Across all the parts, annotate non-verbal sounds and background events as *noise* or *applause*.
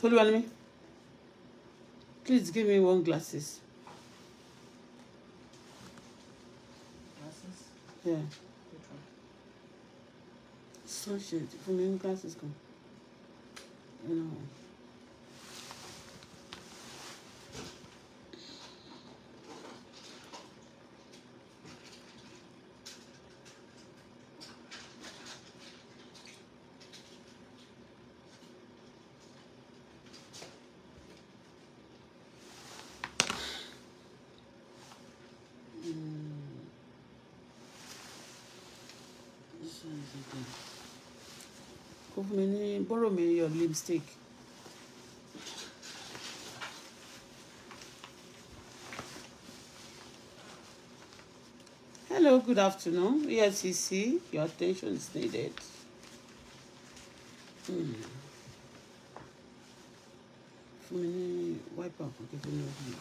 Toluwani, please give me one glasses. Glasses? Yeah. Sunshade, fún mi ní glasses come? kó fún mi ní borrow me your lipstick. Hello, good afternoon. Yes, your attention is needed. Mm. Fún mi ní wáìpà kan kékeré lórí.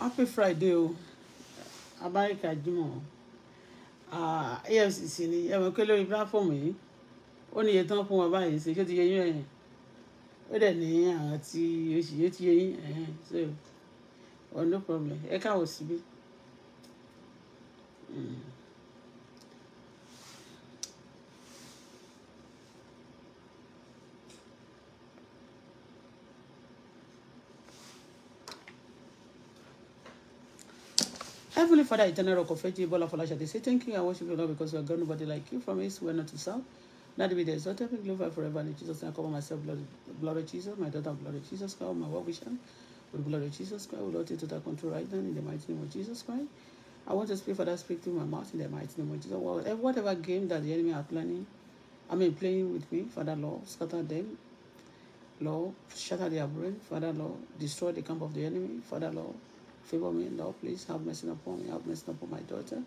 happy friday o abáríkà jùmọ̀ ah, efcc ni ẹ mọ̀ pé lórí pílàfọ́ọ̀mù yìí ó ní iye tán fún wọn báyìí ṣe ṣé ti yẹ yín ẹ̀yìn ó dẹ̀ ní àwọn tí oṣù yìí ti yẹ yín ẹ̀yìn so oh no problem ẹ káwọ̀ síbí. Father, eternal rock of faith, Bola Falasha, they say, Thank you, I worship you, Lord, because you are God, nobody like you, from east, we are not to south. Not to be the exalted and glorified forever. In Jesus' name, I cover myself, blood, blood of Jesus, my daughter, blood of Jesus Christ, my work vision, with blood of Jesus Christ, will Lord, take total control right now, in the mighty name of Jesus Christ. I want to speak, Father, speak through my mouth, in the mighty name of Jesus. Whatever, eh, whatever game that the enemy are planning, I mean, playing with me, Father, Lord, scatter them, Lord, shatter their brain, Father, Lord, destroy the camp of the enemy, Father, Lord, Favor me, Lord, please have mercy upon me, have mercy upon my daughter. In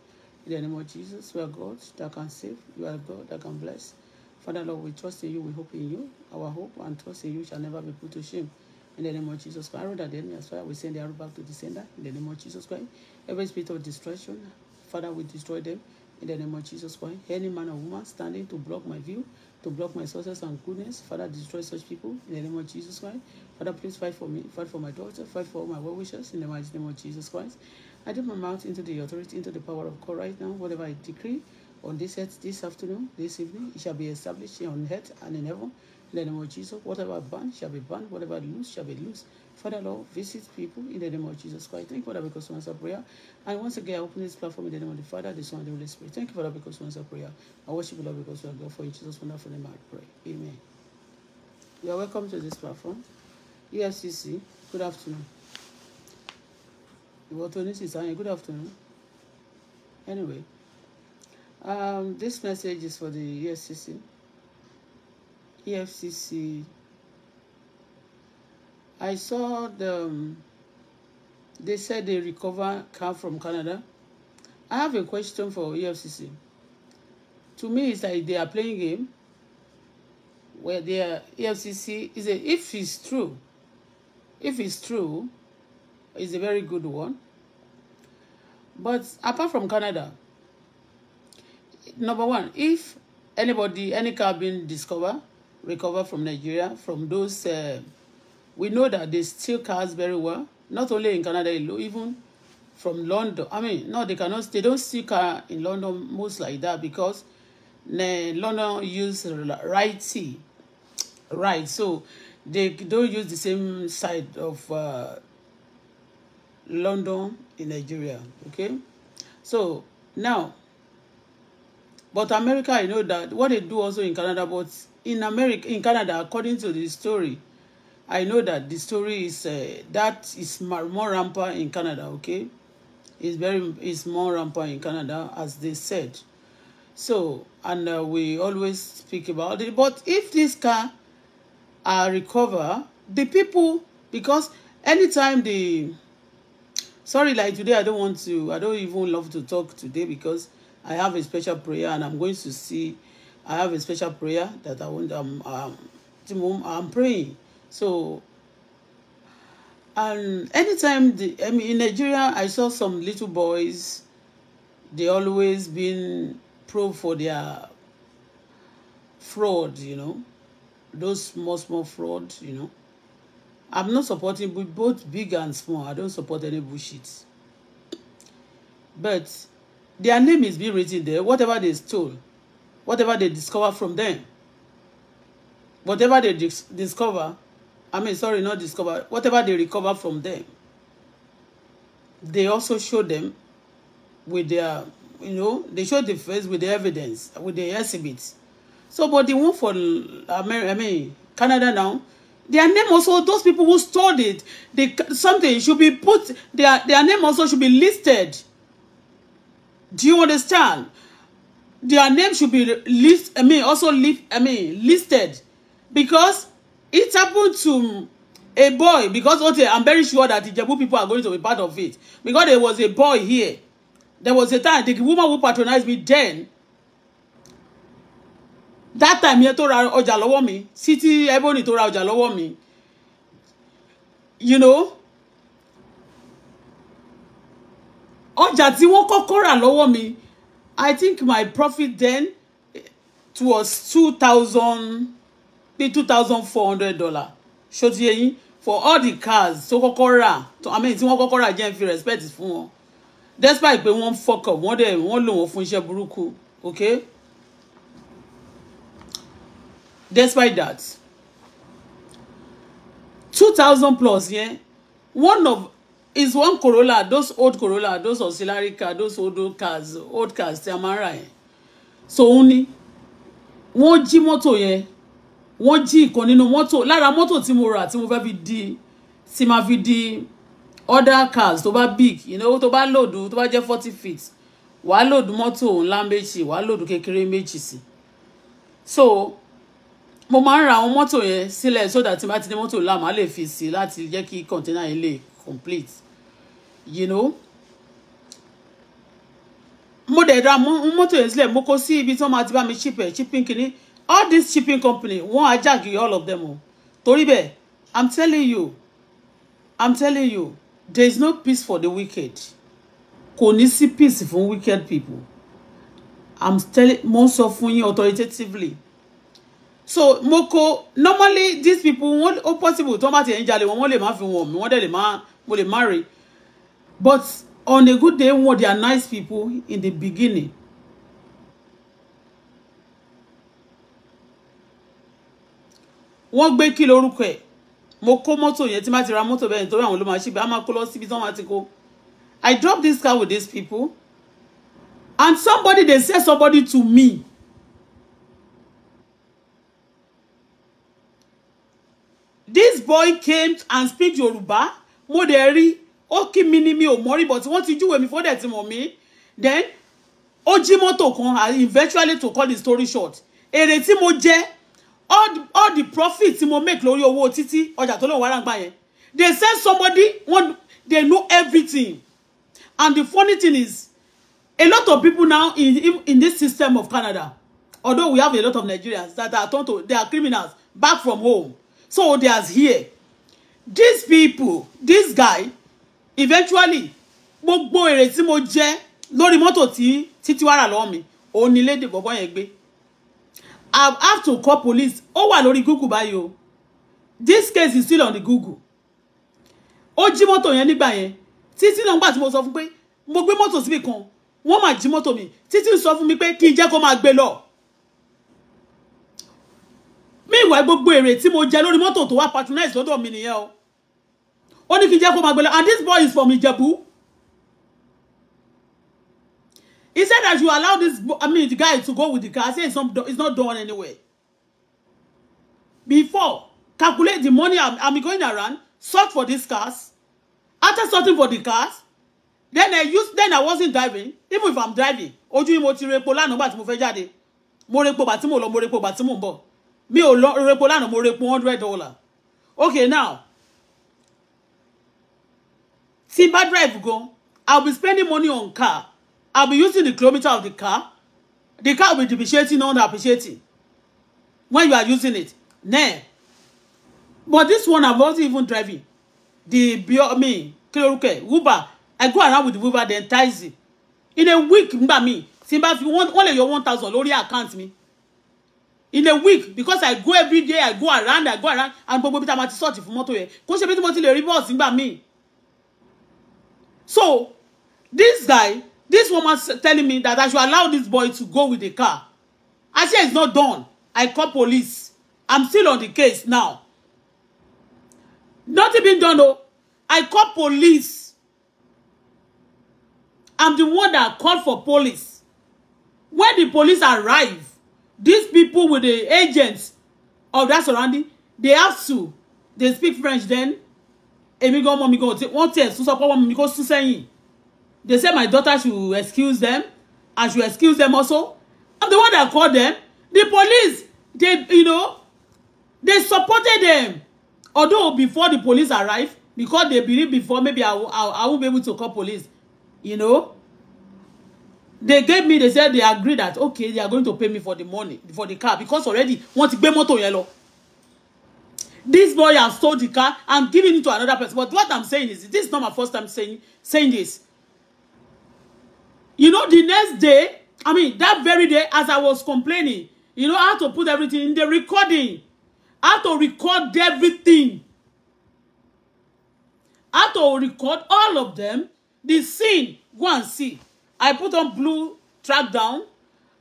the name of Jesus, we are God that can save, you are God that can bless. Father, Lord, we trust in you, we hope in you. Our hope and trust in you shall never be put to shame. In the name of Jesus Christ, rather than the fire, we send the arrow back to the sender. In the name of Jesus Christ, every spirit of destruction, Father, we destroy them. In the name of Jesus Christ, any man or woman standing to block my view, to block my sources and goodness, Father, destroy such people. In the name of Jesus Christ, Father, please fight for me, fight for my daughter, fight for all my well wishes in the mighty name of Jesus Christ. I dip my mouth into the authority, into the power of God right now. Whatever I decree on this earth, this afternoon, this evening, it shall be established on earth and in heaven. In the name of Jesus, whatever banned shall be banned, whatever loose shall be loose. Father Lord, visit people in the name of Jesus Christ. Thank you, Father, because you a prayer. And once again, I open this platform in the name of the Father, the Son, and the Holy Spirit. Thank you, Father, because you a prayer. I worship you, Lord, because you are God. For you. Jesus' wonderful name, I pray. Amen. You are welcome to this platform. EFCC good afternoon ìwọ tó ní sísá yẹn good afternoon anyway um, this message is for the EFCC EFCC I saw the um, they said they recover car from Canada I have a question for EFCC to me it's like they are playing game where the EFCC is a, if it's true If it's true, it's a very good one. But apart from Canada, number one, if anybody, any car being discovered, recovered from Nigeria, from those, uh, we know that they steal cars very well, not only in Canada even from London. I mean, no, they cannot, they don't steal car in London most like that because London use righty, right. So they don't use the same side of uh, London in Nigeria. Okay, so now, but America, you know that what they do also in Canada, but in America, in Canada, according to the story, I know that the story is uh, that is more rampant in Canada. Okay, it's very it's more rampant in Canada as they said. So and uh, we always speak about it. But if this car uh, recover the people because anytime the sorry like today i don't want to i don't even love to talk today because i have a special prayer and i'm going to see i have a special prayer that i want um, um i'm praying so and anytime the i mean in nigeria i saw some little boys they always been pro for their fraud you know those small small frauds, you know i'm not supporting But both big and small i don't support any bullshit but their name is being written there whatever they stole whatever they discover from them whatever they dis discover i mean sorry not discover whatever they recover from them they also show them with their you know they show the face with the evidence with the exhibits So, but the one for America, I mean, Canada now, their name also, those people who stole it, they, something should be put, their, their name also should be listed. Do you understand? Their name should be list, I mean, also list, I mean, listed. Because it happened to a boy, because okay, I'm very sure that the Jabu people are going to be part of it. Because there was a boy here. There was a time, the woman who patronized me then, that time yẹn tó ra ọjà lọ́wọ́ mi Sítí Ebony tó ra ọjà lọ́wọ́ mi you know ọjà tí wọ́n kọ́kọ́ rà lọ́wọ́ mi I think my profit then it was two thousand bí two thousand four hundred dollar ṣó ti yé for all the cars tó kọ́kọ́ rà I mean tí wọ́n kọ́kọ́ rà jẹ́ n fi respect fún wọn despite pé wọ́n fọkàn wọ́n dẹ̀ wọ́n lò wọ́n fún iṣẹ́ burúkú okay despite that two thousand plus yeah, one of is one Corolla those old Corolla those auxiliary car those old old cars old cars tí a so only ni wọ́n jí mọ́tò yẹn wọ́n jí ìkan nínú mọ́tò lára mọ́tò tí mo rà tí mo fẹ́ fi di tí máa fi di other cars tó bá big you know tó bá lòdù tó bá jẹ́ forty feet wa load mọ́tò ńlá méjì wàá lòdù kékeré méjì sí so mo máa ń ra àwọn mọ́tò yẹn sílẹ̀ so that tí n bá ti ní mọ́tò là máa lè fi sí láti jẹ́ kí container yẹn lè complete you know mo dẹ̀ ra mọ́tò yẹn sílẹ̀ mo kó sí ibi tí wọ́n máa ti bá mi ship ẹ̀ shipping kìíní all these shipping company wọ́n á jàgì all of them o torí bẹ́ẹ̀ i'm telling you i'm telling you there is no peace for the wicked kò ní sí peace fún wicked people i'm telling mo ń sọ fún yín authoritatively so mo ko normally these people wọn ó possible tó bá ti ń jalè wọn wọn lè má fi wọn mi wọn dẹ̀ lè má mo lè má but on a good day wọn they are nice people in the beginning. wọ́n gbé kí lórúkọ ẹ̀ mo kó mọ́tò yẹn tí má ti ra mọ́tò bẹ́ẹ̀ nítorí àwọn ló máa ṣe bẹ́ẹ̀ á máa kó lọ síbi tí wọ́n ti kó I drop this car with these people and somebody they say somebody to me this boy came and speak Yoruba. mo dẹ̀ rí ó kí mi ni mi ò mọ́rí but wọ́n ti júwèé mi fún that? ti mọ̀ mí then Oji jí kan and eventually to cut the story short èrè tí mo jẹ all the, all the profit tí mo make lórí owó títí ọjà tó lóun wá ráńgbà yẹn they said somebody one they know everything and the funny thing is a lot of people now in in, in this system of Canada although we have a lot of Nigerians that are told to they are criminals back from home So there's here. These people, this guy, eventually, gbogbo èrè tí mo jẹ lórí mọ́tò tí títí wàrà lọ́wọ́ mi, òun ni lédè bọ́bọ́ yẹn gbé. I have to call police. Ó wà lórí Google báyìí o. This case is still on the Google. Ó jí mọ́tò yẹn nígbà yẹn. Títí náà ń gbà tí mo sọ fún pé mo gbé mọ́tò síbì kan. Wọ́n máa jí mọ́tò mi. Títí sọ fún mi pé kí n jẹ́ kó máa gbé lọ meanwhile gbogbo èrè tí mo jẹ lórí mọ́tò tó wá patronize lọ́dọ̀ mi nìyẹn o ó ní kí n jẹ́ kó máa gbélé and this boy is from Ìjẹ̀bú he said that you allow this I mean the guy to go with the car I say it's not, done anyway before calculate the money I'm, I'm going around search for these cars after searching for the cars then I use then I wasn't driving even if I'm driving ojú mi mo ti repo lánàá gbà tí mo fẹ́ jáde mo repo gbà tí mo lọ mo repo gbà tí mo ń bọ̀ mi ò lọ repo lánàá mo repo hundred dollar okay now tí n bá drive gan i will be spending money on car i will be using the kilometer of the car the car will be depreciating not appreciating when you are using it then but this one i wasn't even driving the bio me kiloruke uber i go around with the uber then taxi in a week ngba mi tí n bá fi wọ́n lè yọ one thousand lórí account mi in a week because i go every day i go around i go around and gbogbo bí ta ma ti sọ̀tì fún mọ́tò yẹn kó ṣe bí tí mo ti lè rí bọ́ọ̀sì nígbà míì so this guy this woman telling me that i should allow this boy to go with the car i say it's not done i call police i'm still on the case now nothing been done o i call police i'm the one that call for police when the police arrive these people with the agents of that surrounding they have to they speak French then èmi gan ọmọ mi gan ọtí wọn tiẹ̀ sún sọpọ ọmọ they say my daughter should excuse them I should excuse them also I'm the one that called them the police they you know they supported them although before the police arrived because they believe before maybe I, I, I won't be able to call police you know they gave me they said they agree that okay they are going to pay me for the money for the car because already wọ́n ti pay motor yellow, this boy has sold the car and given it to another person but what i'm saying is this is not my first time saying saying this you know the next day i mean that very day as i was complaining you know how to put everything in the recording how to record everything how to record all of them the scene go and see I put on blue track down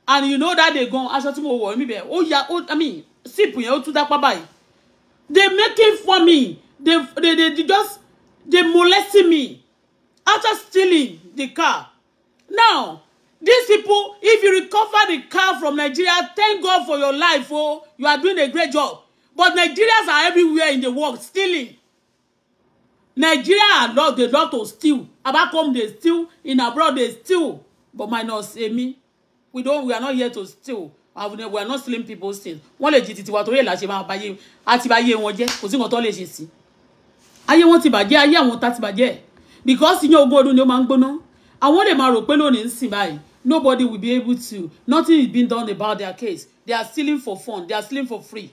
and you know that they gan aṣọ tí mo wọ̀ mí bẹ̀ ó ya ó I mean sip yẹn ó tún dápá báyìí they making fun me they they they, they just they molesting me after stealing the car now these people if you recover the car from Nigeria thank God for your life oh you are doing a great job but Nigerians are everywhere in the world stealing nigeria love dey love to steal back home dey steal in abroad dey steal but minus èmi we don we are not here to steal we are not stealing people's things wọ́n lè jí titi wa torí èlà ṣe máa báyé àti báyé wọn jẹ́ kò sí nǹkan tó lè ṣe sí ayé wọn ti bàjẹ́ ayé àwọn ta ti bàjẹ́ because ìyẹn ogún ọdún ni ó máa ń gbóná àwọn lè máa rò pé lónìí ń sìn báyìí nobody will be able to nothing is being done about their case they are stealing for fun they are stealing for free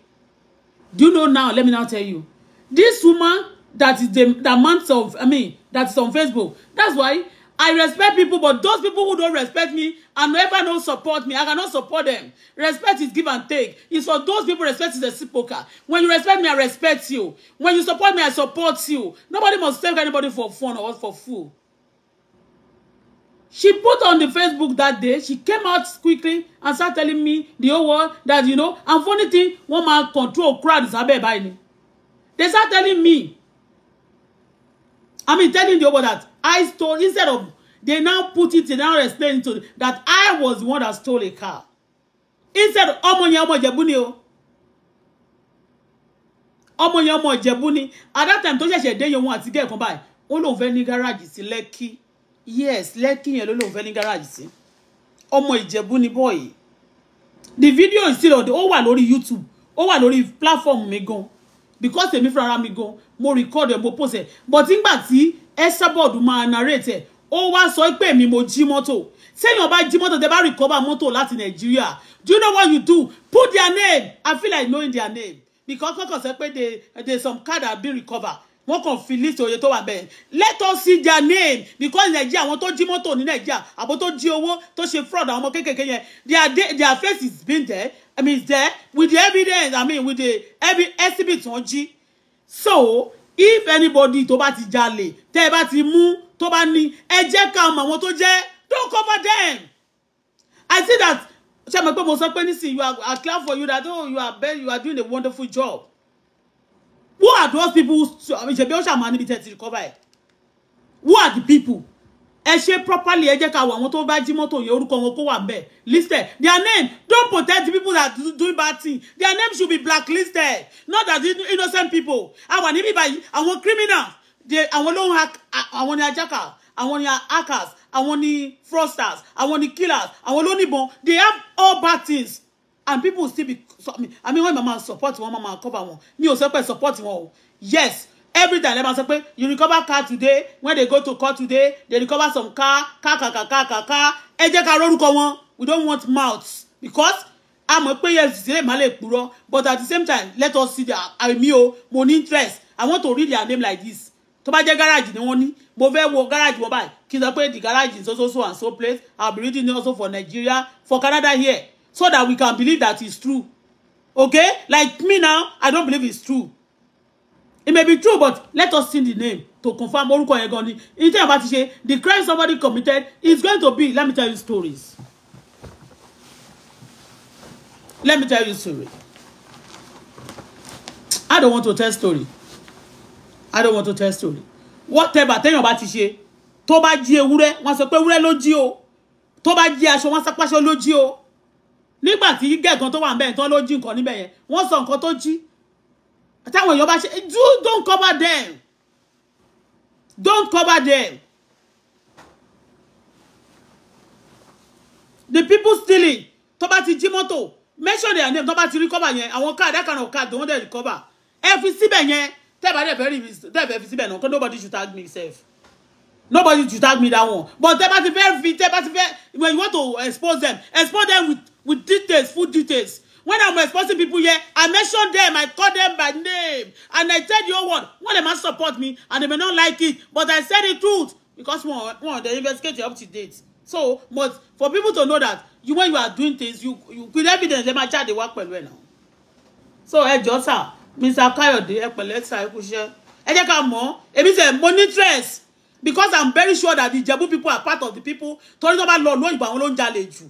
do you know now let me now tell you this woman that is the, the amount of, I mean, that is on Facebook. That's why I respect people, but those people who don't respect me and never don't support me, I cannot support them. Respect is give and take. It's for those people respect is a reciprocal. When you respect me, I respect you. When you support me, I support you. Nobody must take anybody for fun or for fool. She put on the Facebook that day, she came out quickly and started telling me the whole world that, you know, and funny thing, one man control crowd is a bad They start telling me I mean, telling the over that I stole, instead of, they now put it, they now explain to that I was the one that stole a car. Instead of, ọmọ yẹn ọmọ Ìjẹ̀bú ni o. At that time, don't you dé yẹn want to get báyìí, by lóun fẹ́ ní gáràjì sí Lẹ́kì. Yes, Lẹ́kì yẹn ló lóun fẹ́ Omo gáràjì boy, The video is still on the, old one on YouTube, ó wà lórí platform mi gan because èmi fúnra mi go mo record ẹ̀ mo post ẹ̀ but nígbà tí Esabod ma narrate ẹ̀ ó wá sọ pé èmi mo moto. mọ́tò téèyàn bá jí mọ́tò tẹ́ bá recover mọ́tò láti Nigeria. do you know what you do put their name I feel like knowing their name because kọ́kọ́ sọ pé they they some card have been recovered wọn kàn fi list oye tó wà bẹ́ẹ̀ let us see their name because Nigeria àwọn tó jí mọ́tò ní nàìjíríà àbò tó jí owó tó ṣe fraud àwọn ọmọ kéékèèké yẹn their their face is been there I mean, there with the evidence, I mean, with the every exhibit on G. So, if anybody to bá ti jalè, tẹ́ bá ti mú, tó bá ní, ẹ jẹ́ ká mọ̀ don't cover them. I see that ṣé mo pé mo sọ pé you are I clap for you that oh you are very you are doing a wonderful job. Who are those people? I mean, ṣebí ó ṣàmà níbi tẹ́ ti recover ẹ̀. Who are the people? ẹ ṣe properly ẹ jẹ́ ká wọ àwọn tó bá jí mọ́tò yẹn orúkọ wọn kó wà bẹ́ẹ̀ listed their name don't protect the people that do, bad thing their name should be blacklisted not as innocent people àwọn níbí báyìí àwọn criminal àwọn ló ń hack àwọn ni ajaka àwọn ni hackers àwọn ni fraudsters àwọn ni killers àwọn ló níbọn they have all bad things and people still be i mean wọn máa support wọn máa cover wọn mi ò sọ pé support wọn o yes every time lẹ́ẹ̀ma sọ pé you recover car today when they go to court today they recover some car car car car car car car ẹ jẹ́ ká rórúkọ wọn we don't want mouths because a mọ̀ pé yes sílẹ̀ má lè purọ́ but at the same time let us see their àmì o oh, mo ní interest i want to read their name like this tó bá jẹ́ gáràjì ni wọ́n ní mo fẹ́ wo gáràjì wọn báyìí kí n sọ pé the garage is so so and so place i be reading also for nigeria for canada here so that we can believe that it's true okay like me now i don't believe it's true it may be true but let us see the name to confirm orúkọ yẹn gan ni ìtẹ́ ìbá the crime somebody committed is going to be let me tell you stories let me tell you story I don't want to tell story I don't want to tell story whatever téèyàn bá ti ṣe tó bá jí ewúrẹ́ wọ́n sọ pé ewúrẹ́ ló o Toba bá jí aṣọ wọ́n sọ pé o nígbà tí gẹ̀ẹ́kan tó wà ń bẹ̀ tán ló jí nǹkan níbẹ̀ yẹn wọ́n sọ nǹkan táwọn èèyàn bá ṣe do don't cover them don't cover them the people stealing tó bá ti jí mọ́tò mention their name tó bá ti rí cover yẹn àwọn káàdì àkànà káàdì wọ́n dẹ̀ rí cover ẹ fi síbẹ̀ yẹn tẹ́ẹ̀bá dẹ̀ fẹ́ rí tẹ́ẹ̀fẹ́ fi síbẹ̀ náà nobody should tag me sef nobody should tag me that one but tẹ́ẹ̀bá ti fẹ́ fi tẹ́ẹ̀bá ti fẹ́ when you want to expose them expose them with with details full details when I'm exposing people here, I mention them, I call them by name, and I tell the whole world, they must support me, and they may not like it, but I said the truth because one, one, they investigate you up to date. So, but for people to know that you when you are doing things, you you with evidence, they might charge the work well ẹ̀ now. So, ẹ jọ̀ọ́ sà, Mr. Kayode, ẹ pẹ̀lẹ́ sà, ẹ kú iṣẹ́. Ẹ jẹ́ ká mọ̀, èmi ṣe mo ní stress because I'm very sure that the Ijebu people are part of the people. Torí tó bá lọ lóyìnbó àwọn ló ń jalè jù.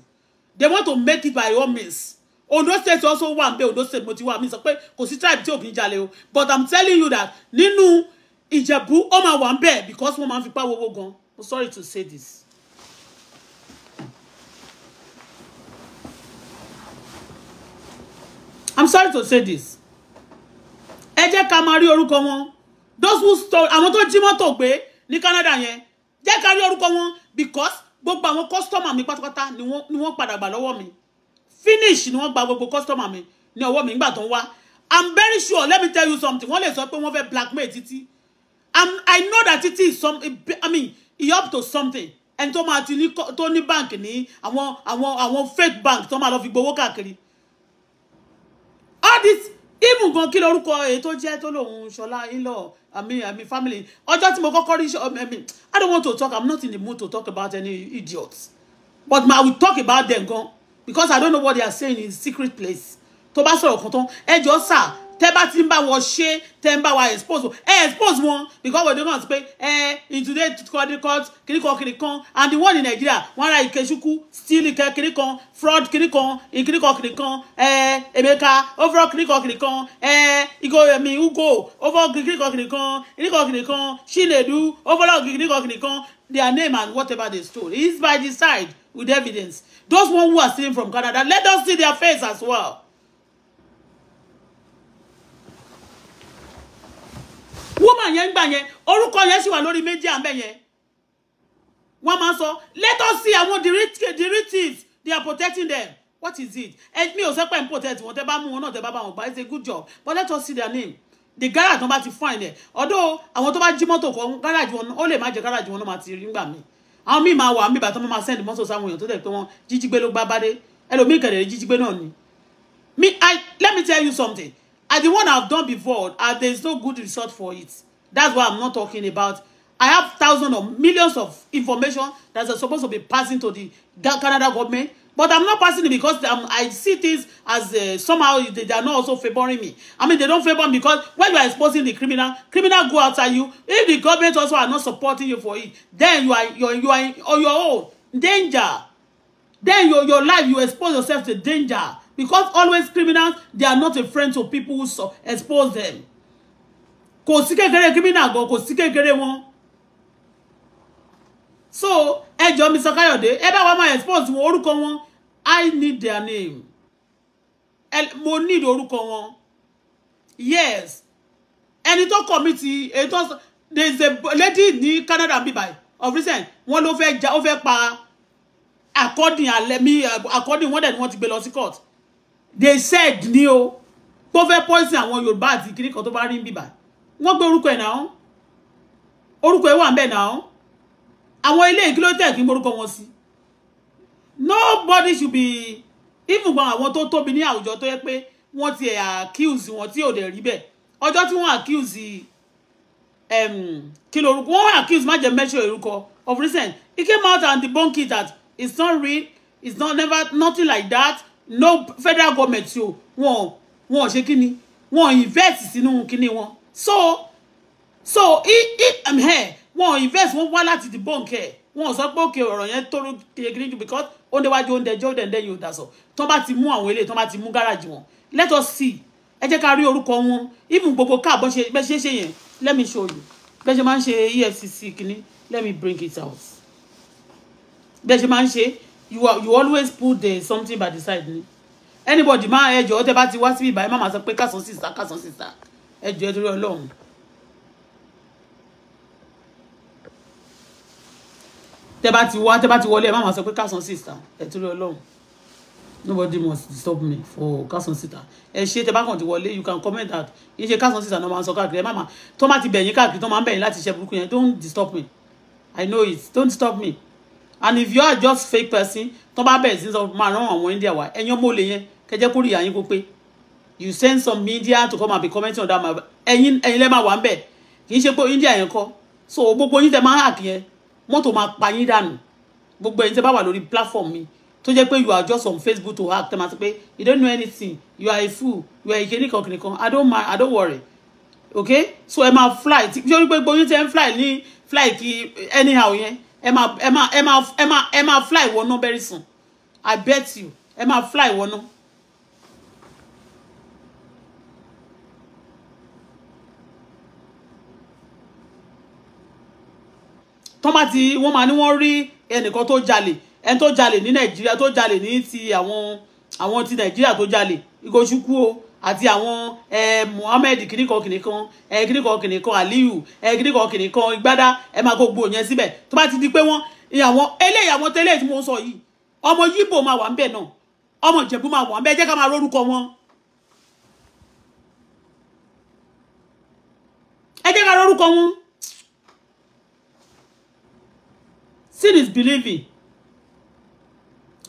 They want to make it by all means. Ondo state also wà ń bẹ Ondo state mo ti wà mí sọ pé kò sí tribe tí ò jalè o but i'm telling you that nínú Ìjẹ̀bú ó máa wà ń bẹ because wọ́n máa ń fipá wowó gan i'm sorry to say this. i'm sorry to say this. ẹ jẹ́ ká máa rí orúkọ wọn those who stole àwọn tó jí mọ́tò gbé ní Canada yẹn jẹ́ ká rí orúkọ wọn because gbogbo àwọn customer mi pátápátá ni wọ́n padà gbà lọ́wọ́ mi finish ni wọ́n gba gbogbo customer mi ní ọwọ́ mi nígbà tó ń wá i'm very sure let me tell you something wọ́n lè sọ pé wọ́n fẹ́ blackmail títí i know that títí some i mean he up to something ẹni tó máa ti ní tó ní bank ní àwọn àwọn àwọn fake bank tó máa lọ fi gbowó káàkiri all this even gan kí lorúkọ èyí tó jẹ́ tó lòun ṣọlá ilọ àmì àmì family ọjọ́ tí mo kọ́kọ́ rí ẹ̀mí i don't want to talk i'm not in the mood to talk about any idiots but i will talk about them gan because I don't know what they are saying in secret place tó bá sọ̀rọ̀ kan tán ẹ jọ sà tẹ bá ti ń bá wọn ṣe tẹ ń bá wa expose wọn ẹ expose wọn because we do not pay ẹ in today kọ́ni court kìnìkan kìnìkan and the one in Nigeria wọn ra ìkẹsùkú steal ìkẹ kìnìkan fraud kìnìkan ìkìnìkan kìnìkan ẹ Emeka overall kìnìkan kìnìkan ẹ Igoyemi Ugo overall kìnìkan kìnìkan kìnìkan kìnìkan Chinedu overall kìnìkan kìnìkan their name and whatever they stole is by the side with evidence Those one who are stealing from Canada, let us see their face as well. Woman yẹn gbà yẹn, orúkọ yẹn si wa lórí méjì àmbẹ̀ yẹn. Wọ́n máa so let us see the derivatives they are protecting them. What is it? Ẹ mi ò sọ pé ń protect wọn, tẹ bá mú wọn náà tẹ bá bá wọn gbà, it's a good job. But let us see their name the garage wọn bá ti fine ẹ ọdọ àwọn to bá jí mọ́tò kọ garage wọn ó lè má jẹ garage wọn náà máa ti rí ngbà míì àwọn míì máa wà àwọn míì bàtọ́ máa send mọ́tò sáwọn èèyàn tó dẹ̀ pé wọ́n jíjígbé ló gbá bádé ẹlòmíì kẹ̀lẹ̀ jíjígbé náà ni me i let me tell you something i the one i have done before and there is no good result for it that's why i'm not talking about i have thousands of millions of information that are supposed to be passing to the Canada government But I'm not passing it because I'm, um, I see things as uh, somehow they, they are not also favoring me. I mean, they don't favor me because when you are exposing the criminal, criminal go after you. If the government also are not supporting you for it, then you are you are, you are on your own danger. Then your your life you expose yourself to danger because always criminals they are not a friend to people who so, expose them. Kò sí criminal gan, kò sí kékeré So ẹjọ́ Mr. Kayode ẹ bá wa máa expose wọn orúkọ wọn I need their name. Mo need orúkọ wọn. Yes. Ẹni tó commit èyí tó there is a lady ní Canada bí báyìí of recent wọ́n ló fẹ́ ja ó fẹ́ pa according alẹ́ mi according wọ́n dẹ̀ ni wọ́n ti gbé lọ sí court. They said ni o tó fẹ́ poison àwọn Yorùbá àti kiri kan tó bá rí bí báyìí. Wọ́n gbé orúkọ ẹ̀ náà. Orúkọ ẹ̀ wà ń bẹ̀ náà. Àwọn ilé ìkílótẹ̀ kí n borúkọ wọn sí nobody should be even gan àwọn tó tóbi ní àwùjọ tó yẹ pé wọ́n ti accuse wọn tí ò dẹ̀ rí bẹ́ẹ̀ ọjọ́ tí wọ́n accuse kí lorúkọ wọ́n accuse má jẹ́ mẹ́ṣọ́ orúkọ of recent he came out and debunk it that it's not real it's not never nothing like that no federal government o wọn wọn ṣe kí ni wọn invest sínú kí ni wọn so so wọn invest wọn wá láti debunk ẹ wọn sọ pé òkè ọ̀rọ̀ yẹn tó kékeré because ó ń déwájú ó ń dẹjọ́ tó bá ti mú àwọn eléyìí tó bá ti mú gáràjì wọn let us see ẹ jẹ́ ká rí orúkọ wọn even gbogbo káàbọ̀ ṣe bẹ́ẹ̀ ṣe ṣe yẹn let me show you bẹ́ẹ̀ ṣe máa ń ṣe EFCC kìíní let me bring it out bẹ́ẹ̀ ṣe máa ń ṣe you you always put the something by the side ni anybody máa ẹjọ́ tẹ bá ti wá síbí ìbáyé má máa sọ pé kásán sísá kásán sísá ẹjọ́ ẹ torí ọlọ́run tẹ́ ti wá tẹ́ ti wọlé ẹ má máa sọ pé kásan síta ẹ torí Ọlọ́run nobody must disturb me for kásan síta ẹ ṣe tẹ́ bá kàn ti wọlé you can comment that yín ṣe kásan síta náà máa sọ káàkiri ẹ má máa tó má ti bẹ̀yìn káàkiri tó máa ń bẹ̀yìn láti ṣe burúkú yẹn don't disturb me i know it don't disturb me and if you are just fake person tó bá bẹ̀rẹ̀ sí sọ máa rán àwọn india wá ẹ̀yin ọmọ olè yẹn kẹjẹ kó rí àyín kó pé you send some media to come and be commenting on that ẹ̀yin ẹ̀yin lẹ́ẹ̀ máa wà ń bẹ̀ kì í ṣe pé india yẹn kọ́ so gbogbo yín tẹ́ máa hàkì yẹn mọ́tò máa pa yín dànù gbogbo ẹ̀yin tẹ́ bá wà lórí platform mi tó jẹ́ pé you are just on Facebook to act ma sọ pé you don't know anything you are a fool you are a kìnìkan kìnìkan I don't mind I don't worry okay so ẹ máa fly tí yọrí pé gbóyún tẹ́ ń fly ní fly kí anyhow yẹn ẹ máa ẹ máa ẹ máa ẹ máa fly wọnú very soon I bet you ẹ máa fly wọnú. tán bá ti wọ́n máa ní wọ́n rí ẹnìkan tó jalè ẹni tó jalè ní nàìjíríà tó jalè ní ti àwọn àwọn ti nàìjíríà tó jalè Ikochukwu o àti àwọn ẹ Muhammed kìnìkan kìnìkan ẹ kìnìkan kìnìkan Aliyu ẹ kìnìkan kìnìkan Igbádá ẹ máa gbogbo yẹn síbẹ̀ tó bá ti di pé wọ́n ìyàwó eléyìí àwọn tẹ́lẹ̀ tí mo sọ yìí ọmọ Yíbò máa wà ń bẹ̀ náà ọmọ Ìjẹ̀bú máa wà ń bẹ̀ jẹ́ ká máa rórúkọ wọn. ẹ jẹ́ ká rórúkọ wọn. sin is believing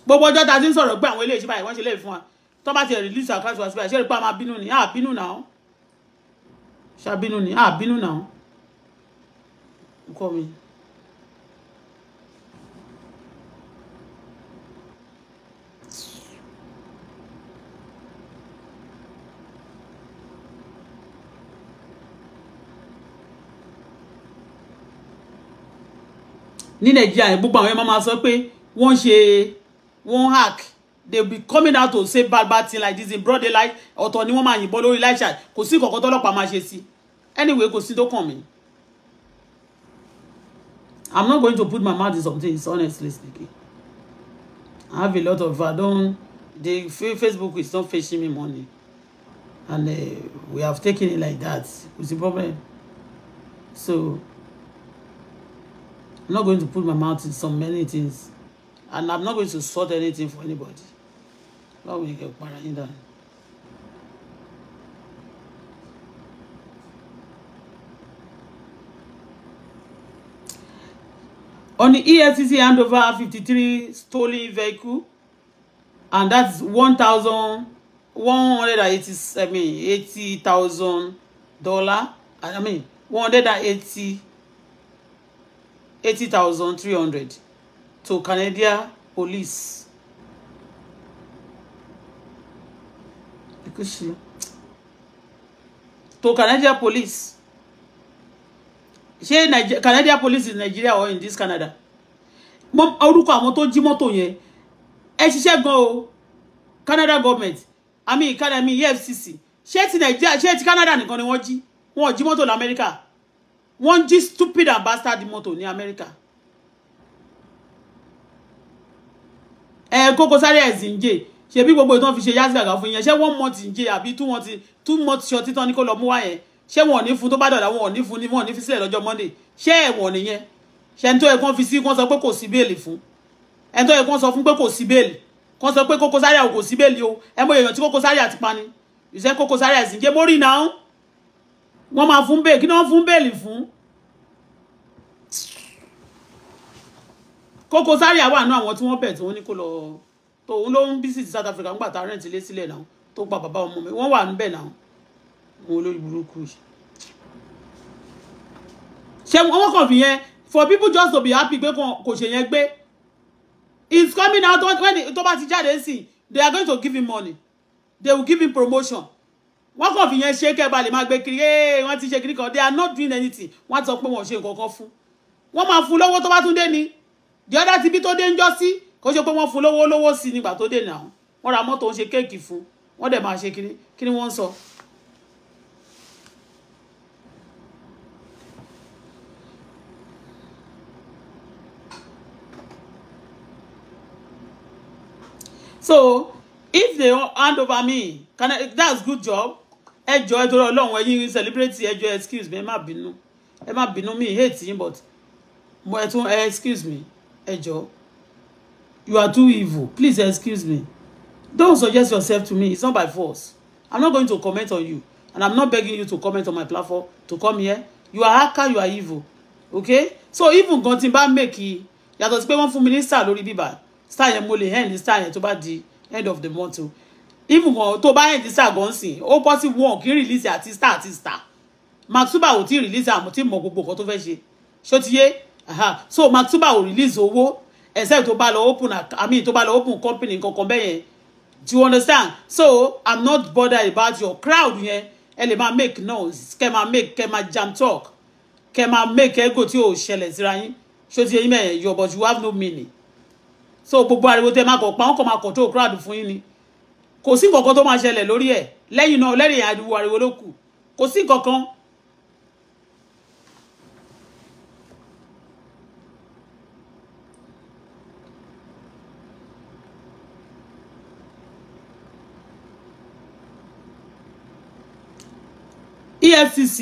gbogbo ọjọ́ ta ti ń sọ̀rọ̀ pé àwọn iléeṣẹ́ báyìí wọ́n ṣe lè fún wa tó bá ti release account wa síbẹ̀ ṣé rí pé a máa bínú ni àá bínú náà ṣàbínú ni àá bínú náà kọ́ mi. ní nàìjíríà gbogbo àwọn èèyàn máa sọ pé wọ́n ṣe wọ́n hack they be coming out to say bad bad thing like this in broad daylight ọ̀tọ̀ ni wọ́n máa yìnbọn lórí láìṣà kò sí kọ̀ọ̀kan tọ́lọ́pàá máa ṣe sí anyway kò sí tó kàn mí. I'm not going to put my mouth in something it's honestly speaking I have a lot of I don the Facebook is not fetching me money and uh, we have taken it like that with the problem so. I'm not going to put my mouth in so many things. And I'm not going to sort anything for anybody. Lord will get para in On the EFCC handover 53 stolen vehicle, and that's 1,187, $80,000. I mean, 180 eighty thousand three hundred to Canadian police. to Canadian police ṣé Niger Canadian police in Nigeria or in this Canada mo orúkọ àwọn tó jí mọ́tò yẹn ẹ ṣiṣẹ́ gan o Canada government àmì ìkànnì àmì EFCC ṣé ti Nigeria ṣé ti Canada nìkan ni wọ́n jí wọn ò jí mọ́tò lamẹ́ríkà wọ́n jí stupid and bastard mọ́tò ní Amẹ́ríkà ẹ Koko Zaria ẹ̀sìn ń jẹ́ ṣebí gbogbo ìtàn fi ṣe yá sí àgà fún yẹn ṣé wọ́n mọ̀ tí ń jẹ́ àbí tú wọn ti tú mọ̀ tí ṣọtí tán ní kó lọ mú wá yẹn ṣé wọn ò ní fún tó bá dọ̀dà wọn ò ní fún ni wọn ò ní fi sílẹ̀ lọ́jọ́ Monday ṣé ẹ̀wọ̀n nìyẹn ṣe ń tó ẹ̀ kán fi sí kán sọ pé kò sí béèlì fún ẹ̀ ń tó ẹ̀ kán sọ fún pé kò sí béèlì kán sọ pé Koko Zaria ò kò sí béèlì o ẹ̀ mọ èèyàn tí Koko Zaria ti pani ìṣẹ́ Koko Zaria ẹ̀sìn jẹ́ mórí náà wọ́n máa fún bẹ́ẹ̀ kí ni wọ́n fún bẹ́ẹ̀lì fún Koko Zaria wà àwọn tí wọ́n bẹ̀ tí wọ́n ní kó lọ tó ló ń bísí ti South Africa ń tá rẹ̀ǹtì lé sílẹ̀ náà tó pa bàbá ọmọ mi wọ́n wà níbẹ̀ náà mo olórí burúkú ṣe wọ́n kàn fi yẹn for people just to be happy pé kò ṣe yẹn gbé it's coming out when tó bá ti jáde sí they are going to give him money they will give him promotion wọ́n kàn fi yẹn ṣe kẹ́ ba lè máa gbé kiri ee wọ́n ti ṣe kiri kan they are not doing anything wọ́n sọ pé wọ́n ṣe nǹkan kan fún wọ́n máa fún lówó tó bá tún dé ni the other ti bí tó dé ń jọ sí kó ṣe pé wọ́n fún lówó lówó sí nígbà tó dé náà wọ́n ra mọ́tò ń ṣe kéèkì fún wọ́n dẹ̀ máa ṣe kiri kí wọ́n ń sọ. so if they hand over me can I, that's good job ẹjọ́ ẹ torí ọlọ́run ẹ̀yin celebrate ẹjọ́ excuse me ẹ má bínú ẹ má bínú mi hate yín but mo ẹ tún excuse me ẹjọ́ you are too evil please excuse me don't suggest yourself to me it's not by force i'm not going to comment on you and i'm not begging you to comment on my platform to come here you are hacker you are evil okay so even gan tí n bá make yàtọ̀ sí pé wọ́n fún mi ní star lórí bíbá star yẹn mo lè end star yẹn tó bá di end of the month o even gan tó bá ẹ̀ǹdí sàgán sìn ó pọ́ sí wọn kì í release artist star àti star Mark Zuckerberg release àmọ́ tí mọ gbogbo nǹkan to fẹ́ ṣe ṣó ti yé so Maxuba Zuckerberg ò release owó except to bá lọ open i mean to bá lọ open company kankan bẹ́ẹ̀ do you understand so i'm not bothered about your crowd yẹn ẹ lè máa make noise kẹ máa make kẹ máa jam talk kẹ máa make ego tí ò ṣẹlẹ̀ síra yín ṣó ti yé yín mẹ́yẹn your but you have no meaning so gbogbo ariwo tẹ máa kọ̀ pa wọn kọ̀ máa control crowd fún yín ni kò sí nǹkan kan tó máa ṣẹlẹ̀ lórí ẹ̀ lẹ́yìn náà lẹ́yìn àdúgbò ariwo ló kù kò sí nǹkan kan EFCC,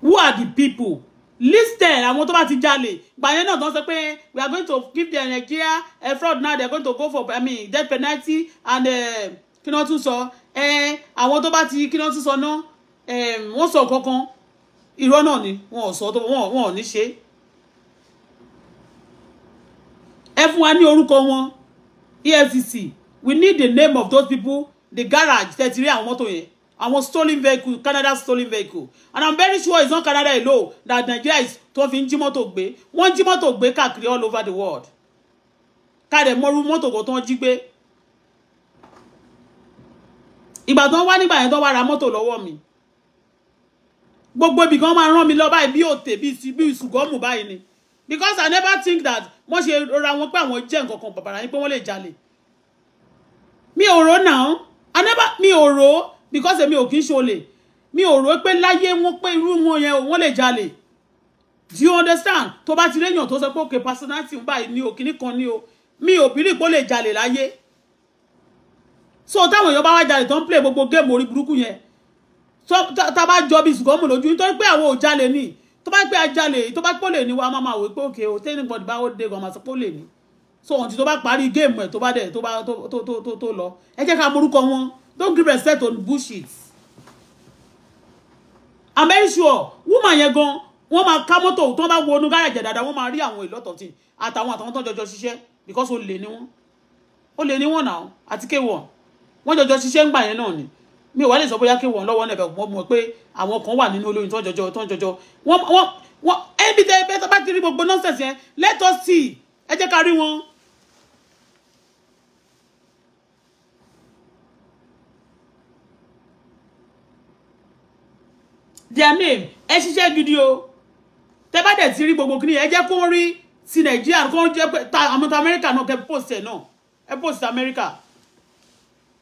who are the people listed àwọn tó bá ti jalè gbàyẹn náà tán sọ pé we are going to give the Nigeria a eh, fraud now they are going to go for I mean death penalty and eh, kí wọ́n tún sọ eh, àwọn tó bá ti kí wọ́n tún sọ náà ehm, wọ́n sọ kankan irọ́ náà ni wọn ò sọ tó wọn ò ní ṣe ẹ fún wa ní orúkọ wọn EFCC we need the name of those people the garage tẹ̀tìrí àwọn mọ́tò yẹn àwọn stolen vehicle Canada stolen vehicle and I'm very sure it's not Canada alone that Nigeria is tó fi ń jí mọ́tò gbé wọ́n jí mọ́tò gbé káàkiri all over the world káàdẹ̀ mọ́rú mọ́tò kan tó ń jí gbé ìgbà tó ń wá nígbà yẹn tó wá ra mọ́tò lọ́wọ́ mi gbogbo ibì kan máa rán mi lọ báyìí bí òtè bí ìsùgọ́mù báyìí ni because I never think that wọ́n ṣe ra wọn pé àwọn jẹ́ nǹkan kan bàbàrà yín pé wọ́n lè jalè mi ò rò náà I never mi ò rò because èmi ò kí ń ṣe olè mi ò rò pé láyé wọn pé irú wọn yẹn wọn lè jalè do you understand To bá ti réyàn tó sọ pé òkè personality ń báyìí ni òkìní kan ni o mi ò bìlì pé ó lè jalè láyé so táwọn èèyàn bá wá jalè tó play gbogbo géèmù orí burúkú yẹn tá a bá jọ bí ṣùgbọ́n mò lójú nítorí pé àwọn ò jalè ni tó bá pé a jalè tó bá pé ó lè ní wa máa máa wò pé Okay, o tẹ́ni gbọ́dọ̀ bá ó dé gan máa sọ pé ó lè ní so ọ̀hún ti tó bá parí géèmù ẹ̀ tó bá dẹ̀ tó bá tó tó tó lọ ẹ jẹ́ ká morúkọ wọn don't give respect to bullshit i'm very sure woman yẹn gan wọ́n máa ká mọ́tò tó bá wọnú gáràjì dáadáa a lot of àwọn At tí at àtàwọn tó jọjọ ṣiṣẹ́ because ó lè ní wọ́n ó lè ní wọ́n náà àti kéwọ̀n wọ́n jọjọ ṣiṣẹ́ ń gbà yẹn náà ni mi ò wá lè sọ bóyá kéwọ̀n lọ́wọ́ náà ẹ̀bẹ̀ mọ́ mọ́ pé àwọn kan wà nínú olóyin tó jọjọ tó jọjọ wọ́n wọ́n wọ́n ẹbí tẹ ẹbẹ́ tó bá ti rí gbogbo nọ́ọ̀sẹ̀sì yẹn let us see ẹ jẹ́ ká rí wọn Jermaine ẹ ṣiṣẹ́ gidi o tẹ bá dẹ̀ ti rí gbogbo kìnìyàn ẹ jẹ́ kó rí ti nàìjíríà kó jẹ́ pé ta àmọ́ta amẹ́ríkà náà kẹ post ẹ̀ náà ẹ post amẹ́ríkà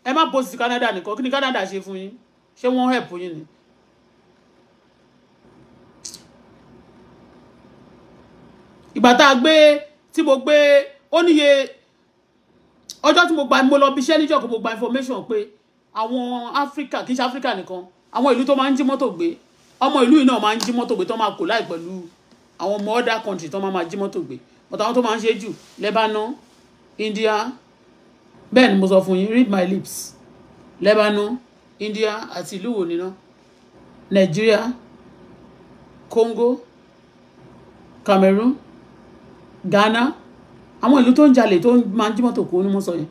ẹ má post canada nìkan kí ni canada ṣe fún yín ṣé wọ́n help yín ni. ìgbà tá a gbé tí mo gbé ó níye ọjọ́ tí mo gba mo lọ bí iṣẹ́ níjọ́ kó mo gba information pé àwọn africa kì í ṣe africa nìkan àwọn ìlú tó máa ń jí mọ́tò gbé ọmọ ìlú yìí náà máa ń jí mọ́tò gbé tó máa kó láì pẹ̀lú àwọn ọmọ other country tó máa máa jí mọ́tò gbé but àwọn tó máa ń ṣe jù Lebanon India bẹ́ẹ̀ ni mo sọ fún yín read my lips Lebanon India àti ìlú wo nínú Nigeria Congo Cameroon Ghana àwọn ìlú tó ń jalè tó máa ń jí mọ́tò kó ni mo sọ yẹn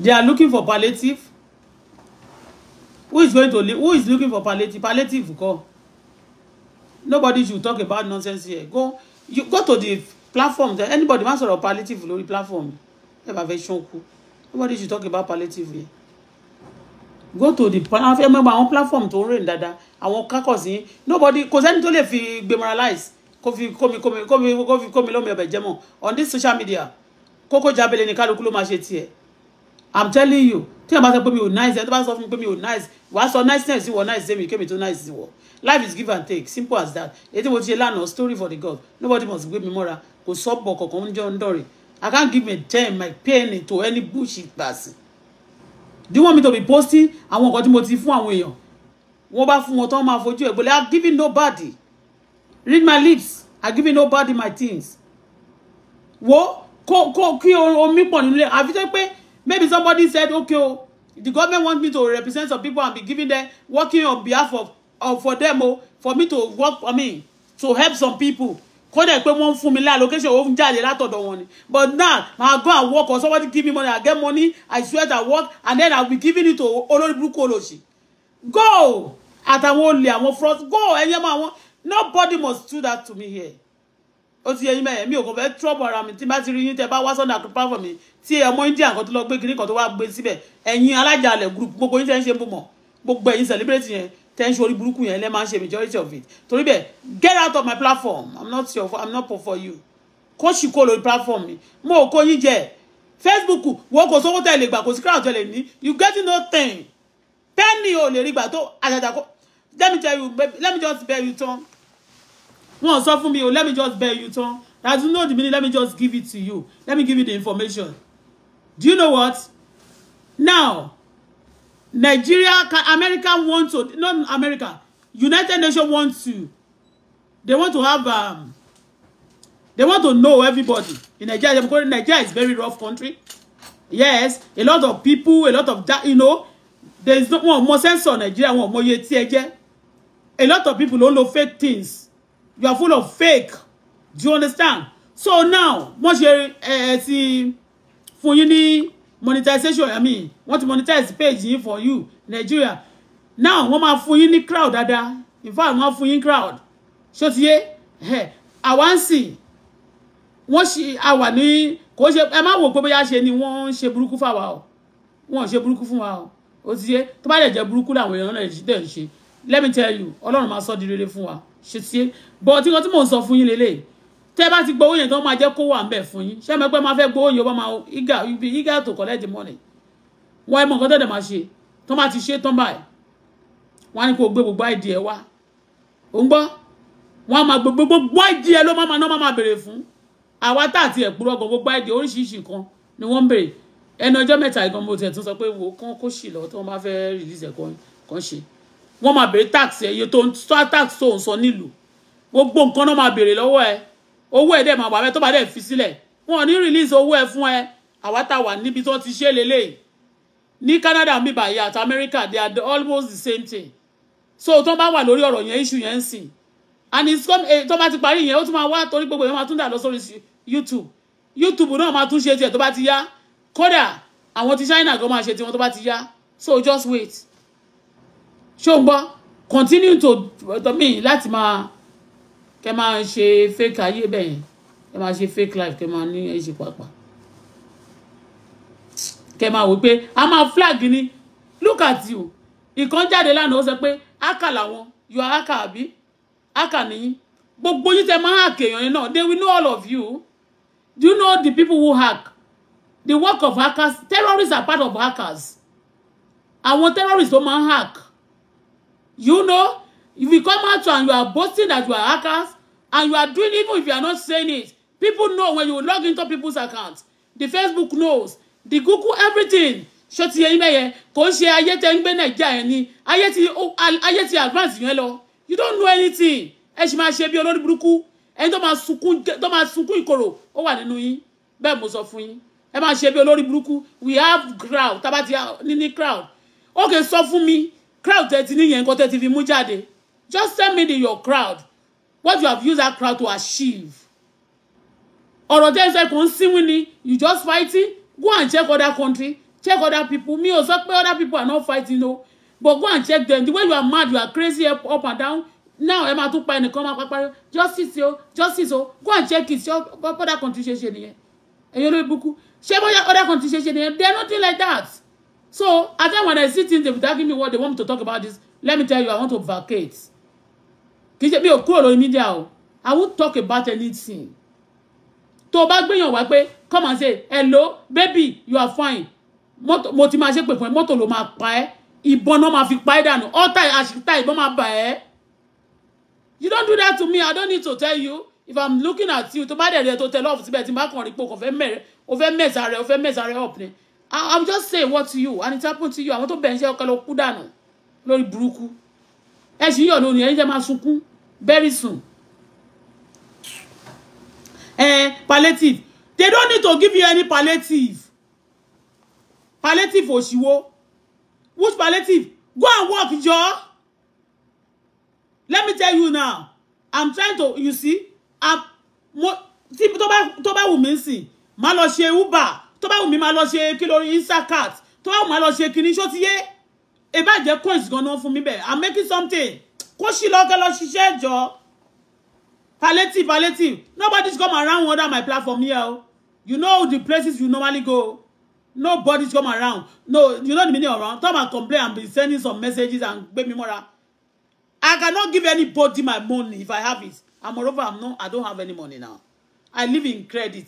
they are looking for palliative who is going to live who is looking for palliative palliative go. nobody should talk about nonsense here go you go to the platform there anybody má sọ̀rọ̀ palliative lórí platform ẹ bá fẹ́ ṣọ́nkú nobody should talk about palliative here go to the platform ẹ mọ̀ àwọn platform to rain, dada. dáadáa àwọn kákọ̀sí nobody kò sẹ́ni tó lè fi gbemoralize kó fi kómi kómi kómi kómi lómi ọbẹ̀ jẹ́mọ̀ on this social media Koko Jabele ni kálukú ló máa ṣe tiẹ̀ i'm telling you tí ẹ bá sọ pé mi ò nice ẹ tó bá sọ fún mi pé mi ò nice wàá sọ niceness sí wọ nice sẹ́mi kémi tó nice sí wọ life is give and take simple as that èyí tí mo ti ṣe story for the god nobody must gbé mi mọ́ra kò sọ bọ̀ kọ̀ọ̀kan oúnjẹ ọ̀ndọ̀rìn i can't give my time my pain to any bullshit person do you want me to be posting àwọn nǹkan tí mo ti fún àwọn èèyàn wọ́n bá fún wọn tán máa fojú ẹ̀ I give giving nobody read my lips I give giving nobody my things wo kó kó kí omi pọ̀ nílé àfi tẹ́ pé Maybe somebody said, okay, oh, the government wants me to represent some people and be giving them, working on behalf of, of for them, oh, for me to work, for me to help some people. kódà pé wọ́n ń fún mi lá location ó ń jáde látọ̀dọ̀ but now I go and work or somebody give me money i get money i swear i work and then I'll be giving it to olórí burúkú olóṣì go àtàwọn olè àwọn fraud go ẹyẹ mọ nobody must do that to me here ó ti yẹ yín mẹ́yẹ̀ mi ò kò fẹ́ trọ́bù ara mi tí bá ti rí yín tẹ́ bá wá sọ́dà platform mi tí ọmọ india kan tó lọ gbé kiri kan tó wá gbé síbẹ̀ ẹ̀yin alájàalẹ̀ group gbogbo yín tẹ́ ń ṣe bó mọ̀ gbogbo ẹ̀yin celebrate yẹn tẹ́ ń ṣe orí burúkú yẹn lẹ́ máa ń ṣe majority of it torí bẹ́ẹ̀ get out of my platform i'm not your i'm not poor for you kó sì kó lórí platform mi mo ò kó yín jẹ facebook wo kò sówó tẹ̀ lè gbà kò sí crowd tẹ̀ lè ní you get nothing penny ò lè rí gbà tó àjàjà kó let me tell you let me just tell you tongue wọn sọ fún mi o oh, let me just bail you tán that you know the meaning let me just give it to you let me give you the information do you know what now Nigeria America want to not America United Nations want to they want to have um, they want to know everybody in Nigeria because Nigeria is very rough country yes a lot of people a lot of that you know there is no one more sense on Nigeria one more yeti ẹjẹ a lot of people don't know fake things you are full of fake do you understand so now wọ́n ṣe ẹ eh, eh, ti fún yín ní monetization i mean wọ́n ti monetize page yín for you Nigeria now wọ́n máa fún yín ní crowd dáadáa in fact wọ́n á fún yín crowd ṣó ti yé àwa ń sìn wọ́n ṣe àwà ní kò ṣe ẹ má wò pé bóyá ṣe ni wọ́n ń ṣe burúkú fáwa o wọ́n ṣe burúkú fún wa o ó ti yé tó bá lè jẹ́ burúkú làwọn èèyàn náà dẹ̀ ṣe let me tell you ọlọ́run máa sọ di rere fún wa ṣètìyé bọ̀ tí wọ́n tí mò ń sọ fún yín lélẹ̀ tẹ́ bá ti gbowó yẹn tó máa jẹ́ kó wà ń bẹ̀ fún yín ṣé ẹ̀mọ́ pé máa fẹ́ gbowó yẹn ó bá máa iga ibi iga tó collect the money wọ́n ẹ̀ mọ̀ nǹkan tẹ̀dẹ̀ máa ṣe tó máa ti ṣe tán báyìí wọ́n á ní kó gbé gbogbo àìdí ẹ̀ wá ò ń gbọ́ wọ́n á máa gbogbo gbogbo àìdí ẹ̀ ló máa náà máa béèrè fún àwa tá àti ẹ̀kúrọ̀ gan gbogbo àìdí oríṣiríṣi kan ni wọ́n ń ẹnu ọjọ́ mẹ́ta ìgbọ̀n mo tún sọ pé wo kán kó ṣì lọ tí wọ́n bá fẹ́ release kan ṣe wọ́n máa béèrè tax ẹ̀ iye tó ń tax tó ń sọ nílùú gbogbo nǹkan náà máa béèrè lọ́wọ́ ẹ owó ẹ̀ dẹ̀ máa wà mẹ́ tó bá dẹ̀ fi sílẹ̀ wọn ò ní release owó ẹ fún ẹ àwa tá a wà níbi tó ti ṣe lélẹ́yìí ní Canada mi báyìí àti America they are almost the same thing so tó bá wà lórí ọ̀rọ̀ yẹn issue yẹn ń sìn and it's come eh, tó bá ti parí yẹn ó tún máa wá torí gbogbo yẹn máa tún dà lọ sórí YouTube YouTube náà máa tún ṣe tiẹ̀ tó bá ti yá kódà àwọn ti China gan máa ṣe tiwọn tó bá ti yá so just wait ṣùgbọ́n continue to to me láti máa kẹ́ máa ṣe fake ayé bẹ́ẹ̀ kẹ́ máa ṣe fake life kẹ́ máa ní ẹ̀ṣẹ̀ pàápàá kẹ́ máa wò pé a máa flag ni look at you ìkan jáde lánàá ó sọ pé ákà làwọn you are ákà àbí ákà nìyí gbogbo yín tẹ máa hack èèyàn yẹn náà they will know all of you do you know the people who hack the work of hackers terrorists are part of hackers àwọn terrorists tó máa hack You know, if you come out and you are boasting that you are hackers and you are doing even if you are not saying it, people know when you log into people's accounts. The Facebook knows, the Google, everything. ṣó ti yẹyin bẹ́yẹn kò ń ṣe ayé tẹ́ ń gbé nàìjíríà yẹn ni ayé ti advance yẹn lọ you don't know anything ẹ ṣì máa ṣe bí olórí burúkú ẹni tó máa sunkún tó máa sunkún ìkorò ó wà nínú yín bẹ́ẹ̀ mo sọ fún yín ẹ máa ṣe bí olórí burúkú we have crowd tá bá ti ní ní crowd okay sọ fún mi crowd that ti níyẹn nǹkan tẹ́ ti fi mú just send me the your crowd what you have used that crowd to achieve ọ̀rọ̀ tẹ́ ṣe kò ń you just fighting go and check other country check other people Me, ò sọ pé other people are not fighting o but go and check them the way you are mad you are crazy up, up and down now ẹ máa tún pa ẹnìkan máa pàpàrọ̀ justice o justice o go and check it other country ṣe ṣe nìyẹn ẹ̀yin olóyè bukú ṣé bóyá other country ṣe ṣe nìyẹn there nothing like that So at that when I see things, they would argue me what they want me to talk about this. Let me tell you, I want to vacate. Kì í ṣe pé o kúrò media o. I won't talk about anything. Tó o bá gbéyàn wá pé come and say hello baby you are fine. Mo ti máa ṣe pè fún ẹ, mọ́tò ló máa pa ẹ́. Ìbọn náà máa fi pa ẹ́ dànù. Ọ̀tá àṣìta ìbọn máa bà ẹ́. You don't do that to me, I don't need to tell you. If I'm looking at you, tó bá to tell off. tẹ lọ́ọ̀fù síbẹ̀ tí n bá kàn rí pé o kàn fẹ́ mẹ̀sà o fẹ́ mẹ̀sà rẹ̀ up ni. I, I'm just saying what to you and it happened to you àwọn tó bẹ̀rẹ̀ ṣe ọkọ lọ kú dànù lórí burúkú ẹ ṣì yọ̀ lónìí ẹ̀yin jẹ́ máa sunkún very soon. Eh, palliative they don't need to give you any palliative palliative òṣìwò which palliative go and work jọ let me tell you now i'm trying to you see I mo tí tó bá tó bá wù mí sìn má lọ ṣe uber tó bá wù mí máa lọ ṣe kí lórí instacart tó bá wù mí máa lọ ṣe kíní ṣó ti yé coins gan-an fún mi bẹ́ẹ̀ i'm making something kó sì lọ́kẹ́ lọ ṣiṣẹ́ jọ palliative palliative nobody's come around under my platform here o you know the places you normally go nobody's come around no you know the meaning around tom and complain and be sending some messages and gbé mi mọ́ra i cannot give anybody my money if i have it and moreover i'm not i don't have any money now i live in credit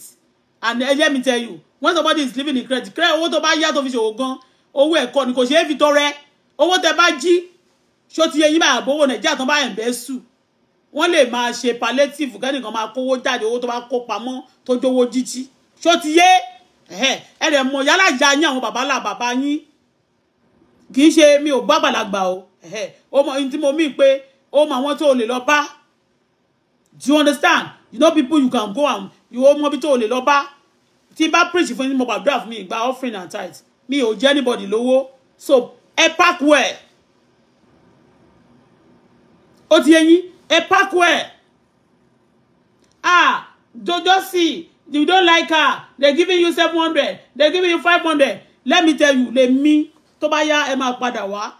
and let me tell you when somebody is living in credit credit owó tó bá yá tó fi ṣòwò gan owó ẹ̀kọ́ ni kò ṣe é fi tọrẹ owó tẹ bá jí ṣó ti yẹ yín báyà bówó nàìjíríà tán bá ẹ̀ ń bẹ́ sùn wọ́n lè máa ṣe palliative kẹ́nìkan máa kówó jáde owó tó bá kó pamọ́ tó jówó jíjí ṣó ti yé ẹ̀ ẹ̀ rẹ̀ mọ̀ yálà ìyá yín àwọn bàbá là bàbá yín kì í ṣe mi ò gbọ́ àgbàlagbà o ọmọ yìí tí mo mí pé ó mọ àwọn tó lè lọ bá do you understand you know people you can go and ìwọ ọmọ bí tó o lè lọ bá tí bá preach fún yín mo gbàdúrà fún mi ìgbà offering and tithe mi ò jẹ́ anybody lówó so ẹ park well ó ti yẹn yín ẹ park well ah jojo sí you don't like her they giving you seven hundred they giving you five hundred let me tell you lè mí tó bá yá ẹ máa padà wá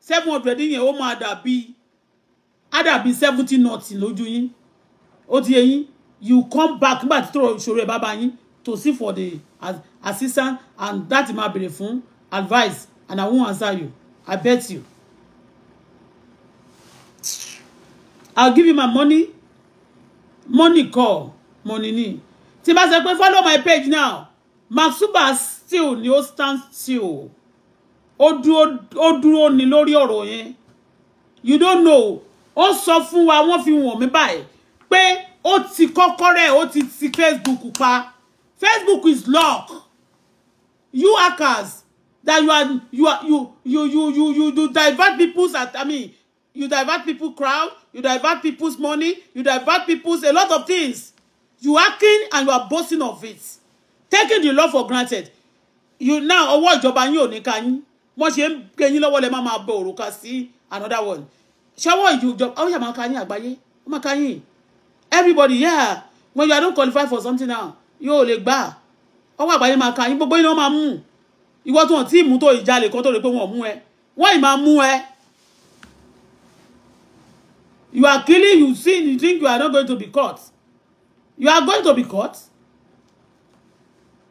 seven hundred yẹn ó máa dàbí á dàbí seventy nọtì lójú yín ó ti yẹ yín you come back nígbà tí tọrọ ìṣòro ẹ bàbá yín to see for the assistant and that ma béèrè fún advice and i won't answer you i bet you i'll give you my money money call money ni tí bá sọ pé follow my page now Maxuba still ni ó stand still ó dúró ó dúró ni lórí ọ̀rọ̀ yẹn you don't know ó sọ fún wa wọ́n fi wọ̀n mí báyìí pé ó ti kọ́kọ́rẹ́ ó ti ti facebook pa facebook is lock you hackers that you are you are you you you you you, you divert people's at i mean you divert people crowd you divert people's money you divert people's a lot of things you hacking and you are boasting of it taking the law for granted you now ọwọ́ ìjọba yín ò ní ka yín wọ́n ṣe ń gbé yín lọ́wọ́ lẹ́ máa máa bọ òrùka sí another one ṣọwọ́ ìjọba ó yá máa ka yín àgbáyé ó máa ka yín everybody yeah when you are don qualify for something now yóò lè gbà ọwọ́ àgbáyé máa ka yín gbogbo yín ló máa mú ìwọ tó hàn tí ìmú tó ìjalè kan tó lè pé wọn ò mú ẹ wọn ì máa mú ẹ you are killing you sin you think you are not going to be caught you are going to be caught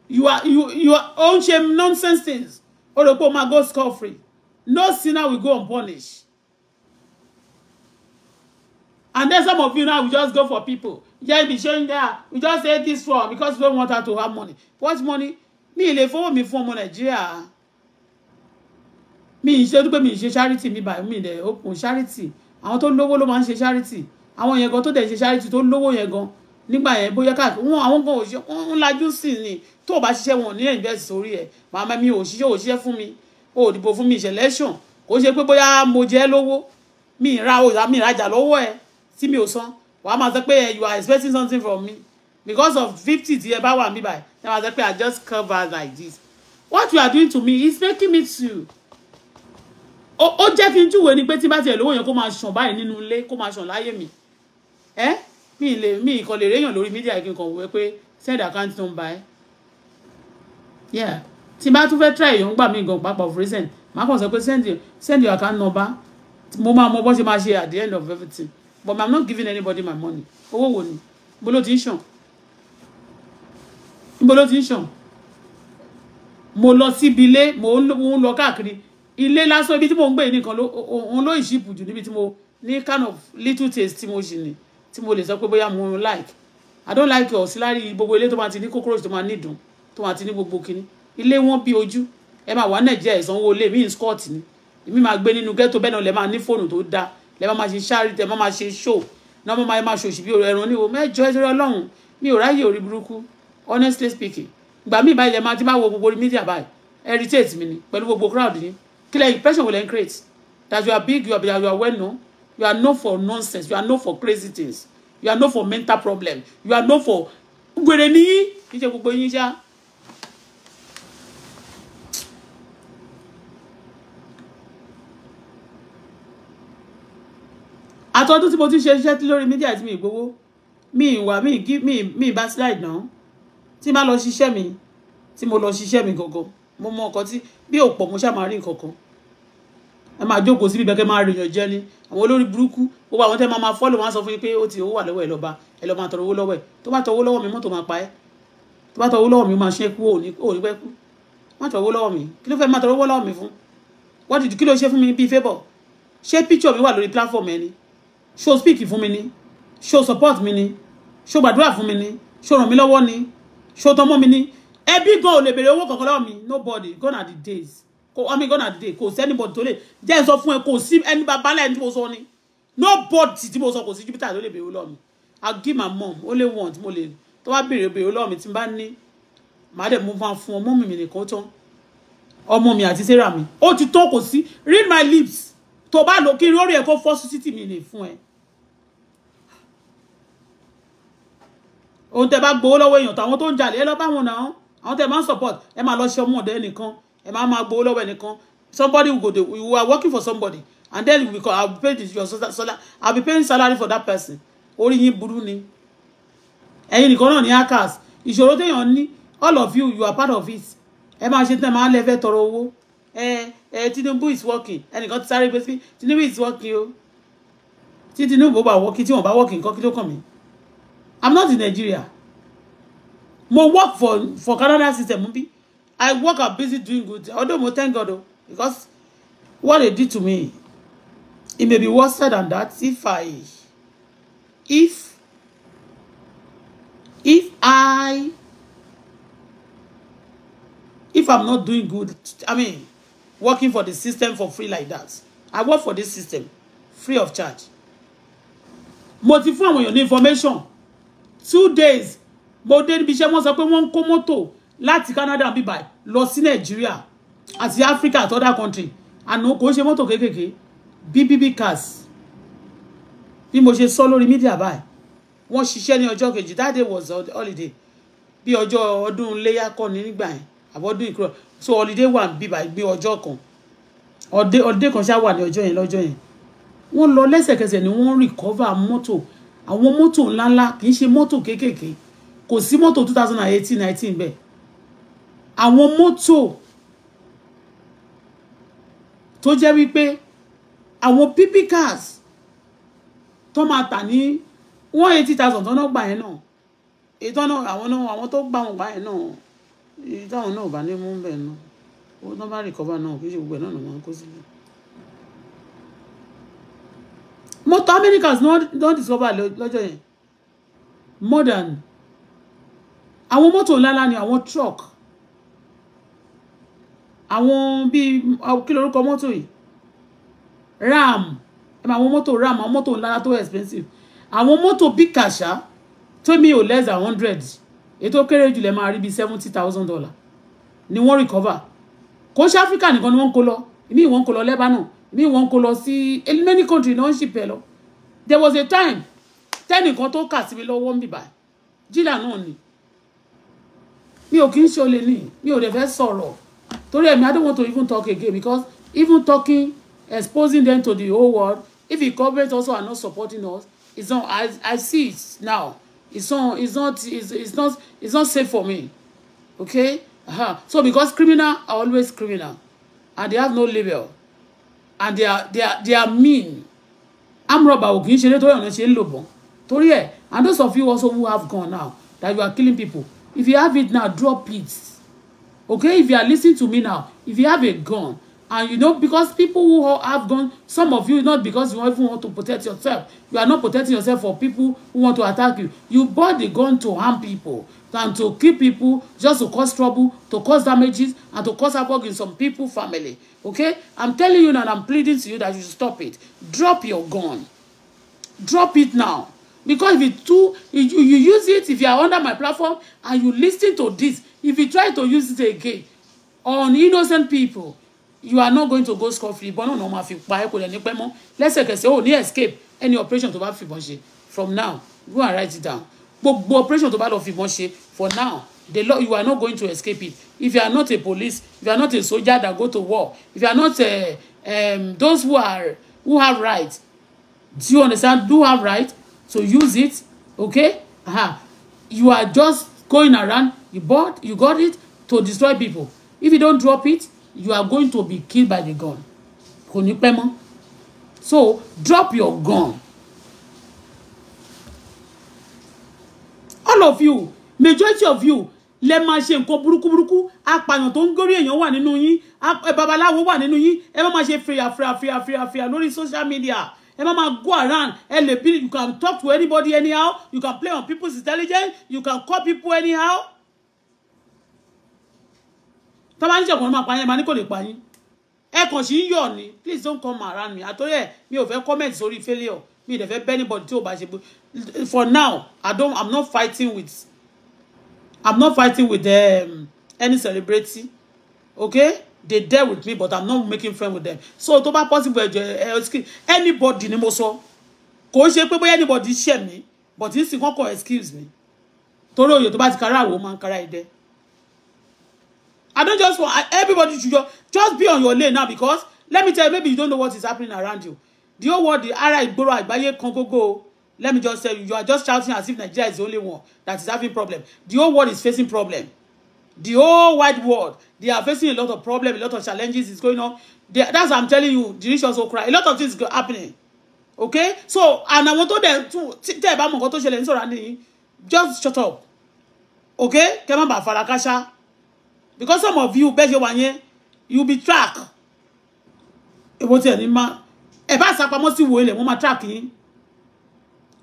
you are you you are own shame nonsense things o rò pé o máa go scot free no sinner will go unpunished And then some of you now we just go for people. Yeah, be showing there. We just say this for because we don't want her to have money. What money? Mi lè fowó mi fún ọmọ Nàìjíríà. Mi ṣe dúpẹ́ me ṣe charity Me by me, they open charity. I want to know what ń ṣe charity. I want you go to the charity to know tó lówó yẹn gan. Nígbà yẹn bóyá káàkiri wọn àwọn gan òṣìṣẹ́ wọn ń lajú sí ni tó o bá ṣiṣẹ́ wọn ní invest sórí ẹ̀. Màmá mi òṣìṣẹ́ òṣìṣẹ́ fún mi. O dìbò fún mi ìṣẹ̀lẹ́ṣọ̀n. Kò ṣe boy bóyá mo jẹ́ Me, Mi ra òyà mi ìrajà lọ́wọ́ ẹ̀ tí mi ò san wàá máa sọ pé eh, you are expecting something from me because of fifty tí ẹ bá wà mí báyìí ẹ máa sọ pé i just cover like this what you are doing to me is making me to ó jẹ́ kí n júwe ni pé tí bá tiẹ̀ lówó yẹn kó máa ṣàn báyìí nínú ilé kó máa ṣàn láyé mi ẹ́ mi lè mi kàn lè réyàn lórí mídíà kí n kàn wọ pé send account number ẹ yeah tí bá tún fẹ́ try èèyàn gbà mí gan pápá of recent màá kàn sọ pé send your account number mo máa mọ bó ṣe máa ṣe at the end of everything but i'm not giving anybody my money owó wo ni ibo ló ti ń ṣàn ibo ló ti ń ṣàn mo lọ síbi ilé mo ń lọ káàkiri ilé lásán ibi tí mo on gbé nìkan òun ló ìṣìpù jù níbi mo ní kind of little taste tí mo ṣì ní tí mo lè sọ pé bóyá mo like i don't like your salary. gbogbo ilé tó máa ti ní cockroach tó máa ní ìdùn tó máa ti ní gbogbo kinní ilé wọn bí ojú ẹ máa wà nàìjíríà ìsanwó ilé mi ń scott ni èmi máa gbé nínú ghetto bẹ́ẹ̀ náà lè máa ní fóònù tó lẹ́ máa ma ṣe ṣáàrí tẹ́ máa ma ṣe ṣò náà máa ma ṣòṣì bí ẹran níwò mẹ́jọ ẹjọ́ ọlọ́run mi ò ráyè orí burúkú honestly speaking ìgbà míì báyìí lẹ́ máa ti máa wo gbogbo media báyìí irritate mi ni pẹ̀lú gbogbo crowd yìí kí lẹ́ impression wò lẹ́ ń create that you are big you are, you are well known you are known for nonsense you are known for crazy things you are known for mental problems, you are known for gbèrè níyí kì í ṣe gbogbo yín ṣáá àtọ́dún tí mo ti ṣe iṣẹ́ lórí mídíà tí mi gbowó mi ìwà mi ìgí mi mi bá slide náà tí má lọ ṣiṣẹ́ mi tí mo lọ ṣiṣẹ́ mi gangan mo mọ nǹkan tí bí ò pọ̀ mo ṣáà máa rí nǹkan kan ẹ máa jókòó síbi bẹ́ẹ̀ kẹ́ máa rèèyàn jẹ́ ni àwọn olórí burúkú gbogbo àwọn tẹ́ máa máa fọ́lù wọn sọ fún yín pé ó ti owó wà lọ́wọ́ ẹ lọ́ba ẹ lọ́ máa owó lọ́wọ́ ẹ tó bá tọwọ́ lọ́wọ́ mi mọ́tò máa pa ẹ́ tó bá tọwọ́ lọ́wọ́ mi máa ṣe kú òní pẹ́ kú má tọwọ́ lọ́wọ́ mi kí ló fẹ́ máa tọrọ owó lọ́wọ́ mi fún wọ́n ti kí ló ṣe fún mi bíi fébọ̀ ṣé píṣọ̀ mi wà lórí pláfọ̀mù ẹni ṣó speak fún mi ni ṣó support mi ni ṣó gbàdúrà fún mi ni ṣó ràn mí lọ́wọ́ ni ṣó tọmọ mi ni ẹbí gan ò lè béèrè owó kankan lọ́wọ́ mi nobody gone are the days kò I mean gone are the days kò sí anybody tó lè jẹ́ n sọ fún ẹ kò sí ẹni bàbá lẹ́yìn tí mo sọ ni nobody tí mo sọ kò sí Jupiter tó lè béèrè owó lọ́wọ́ mi I'll give my mom only one tí mo lè tó bá béèrè béèrè owó lọ́wọ́ mi tí n bá ní màá dẹ̀ mú fún ọmọ mi nìkan tán ọmọ mi àti sarah mi ó ti tó kò sí read my lips To bá lò kí lórí ẹ kó fọ́ sí títì mi lè fún ẹ. ohun tẹ bá gbowó lọ́wọ́ èèyàn tàwọn tó ń jalè ẹ lọ bá wọn náà àwọn tẹ máa ń support ẹ máa lọ ṣe ọmọdé nìkan ẹ máa máa gbowó lọ́wọ́ somebody will go dey you are working for somebody and then we go i will pay your salary i will be paying salary for that person orí yín burú ni ẹ̀yin nìkan náà ní hackers ìṣòro téèyàn ní all of you you are part of it ẹ máa ṣe tẹ́ máa lẹ́fẹ̀ẹ́ toro. owó ẹ eh, ẹ eh, Tinubu is working ẹnìkan ti sáré gbé sí Tinubu is working o tí Tinubu bá working tí wọn bá working nǹkan kí ló kàn mí i'm not in Nigeria mo work for for Canada system bi i work out busy doing good although mo thank God o because what they did to me it may be worse than that if i if if i if i'm not doing good i mean working for the system for free like that I work for this system free of charge mo ti fún àwọn information two days mo dé níbi iṣẹ́ wọ́n sọ pé wọ́n ń kó mọ́tò láti Canada bíbá lọ sí Nàìjíríà àti Africa àti other country àná kò ṣe mọ́tò kéékèèké bbb cars bí mo ṣe sọ lórí mídíà báyìí wọ́n ṣiṣẹ́ ní ọjọ́ kejì that day was holiday Be your bí ọjọ́ ọdún léyà kọ́ ni nígbà yẹn àbọ̀dún ìkúrọ̀ so holiday wà bíbà gbé ọjọ́ kan ọdẹ ọdẹ kan ṣáà wà ní ọjọ́ yẹn lọ́jọ́ yẹn wọ́n lọ lẹ́sẹ̀kẹsẹ̀ ni wọ́n recover moto àwọn mọ́tò ńláńlá kì í ṣe mọ́tò kéékèèké kò sí moto two thousand and eighteen nineteen bẹ́ẹ̀ àwọn mọ́tò tó jẹ́ wípé àwọn pp cars tó máa tà ní one eighty thousand tọ́nà gbà yẹn náà èyí tọ́nà àwọn náà àwọn tó gbà wọn gbà yẹn náà èyí táwọn náà ò bá ní mú bẹ́ẹ̀ náà owó tán bá rìkọ́bà náà kì í ṣe gbogbo ẹ̀ náà ló máa ń kó sílẹ̀. mọ́tò americans ni wọ́n discover lọ́jọ́ yẹn more than àwọn mọ́tò ńláńlá ni àwọn truck àwọn bíi kí lorúkọ mọ́tò yìí ram àwọn mọ́tò ram àwọn mọ́tò ńláńlá tó expensive àwọn mọ́tò bíkàṣá tó mi ò less than hundred ètò kéré jùlẹ̀ máa rí bíi seventy thousand dollar ni wọ́n recover Coach Africa, áfíríkà nìkan ni wọ́n ń kó lọ ìmí wọ́n ń kó lọ lebanon ìmí wọ́n kó lọ sí many country ni wọ́n ń ṣì pẹ̀ lọ there was a time tẹ́nìkan tó kà sí mi lọ́wọ́ ń bìbà jìlá náà ni mi ò kí ń ṣọlẹ ní mi ò dẹ̀ fẹ́ sọ̀rọ̀ torí ẹ̀mí I don't want to even talk again because even talking exposing them to the whole world if the government also are not supporting us it's not I I see it now it's not it's not it's, it's not it's not safe for me okay uh-huh. so because criminal are always criminal and they have no label and they are they are they are mean I'm robber ò kì í ṣeré torí ọ̀nà ṣe ń and those of you also who have gun now that you are killing people if you have it now drop it okay if you are listening to me now if you have a gun and you know because people who have gone some of you not because you even want to protect yourself you are not protecting yourself for people who want to attack you you bought the gun to harm people than to kill people just to cause trouble to cause damages and to cause havoc in some people family okay i'm telling you now and i'm pleading to you that you stop it drop your gun drop it now because if it too if you, you use it if you are under my platform and you listen to this if you try to use it again on innocent people you are not going to go score free ìbọn náà ni wọ́n máa fi pa ẹ́ kò lẹ̀ ní pẹ́ mọ́ lẹ́sẹ̀kẹsẹ̀ ò ní escape any operation tó bá fìbọn ṣe from now go and write it down gbogbo operation tó bá lọ fìbọn ṣe for now the law you are not going to escape it if you are not a police if you are not a soldier that go to war if you are not a, eh, um, those who are who have right do you understand do have right to use it okay uh-huh. you are just going around you bought you got it to destroy people if you don't drop it you are going to be killed by the gun kò ní pẹ́ mọ́ so drop your gun all of you majority of you lẹ máa ṣe nǹkan burúkú burúkú apààyàn tó ń górí èèyàn wà nínú yín babaláwo wà nínú yín ẹ má máa ṣe fìyà fìyà fìyà fìyà fìyà lórí social media ẹ má máa go around ẹ lè bí you can talk to anybody anyhow you can play on people's intelligence you can call people anyhow tó bá ní ṣẹ̀kùn ló máa pa yín máa ní kò lè pa yín ẹ kàn sí yọ̀ ni please don't come around me àtọ́yẹ mi ò fẹ́ comment sórí failure mi ò dẹ̀ fẹ́ bẹ́ anybody tí ò bá ṣe pé for now I don't I'm not fighting with I'm not fighting with um, any celebrity okay they deal with me but I'm not making friend with them so tó bá possible ẹ̀jọ̀ ẹ̀ anybody ni mo sọ kò ṣe pé bóyá anybody ṣẹ̀ mí but nísìnyí kọ́kọ́ excuse me torí òye tó bá ti kára àwò máa ń kára ẹ̀dẹ́. I don't just want everybody to just, just be on your lane now because let me tell you, maybe you don't know what is happening around you. The whole world, the ara ìgboro àgbáyé Congo, go. Let me just tell you, you are just shouting as if Nigeria is the only one that is having problem. The whole world is facing problem. The whole wide world, they are facing a lot of problems, a lot of challenges is going on. They, that's what I'm telling you. The rich also cry. A lot of things is happening. Okay? So, and I want dẹ̀ tún tẹ́ ẹ̀ bá mọ̀ nǹkan just shut up. Okay? Kẹ́ má bàa because some of you bẹ́ẹ̀ ṣe wà yẹn you be track èwo tiẹ̀ ní ma ẹ̀ bá sapamọ́ sí wo ilẹ̀ wọ́n máa track yín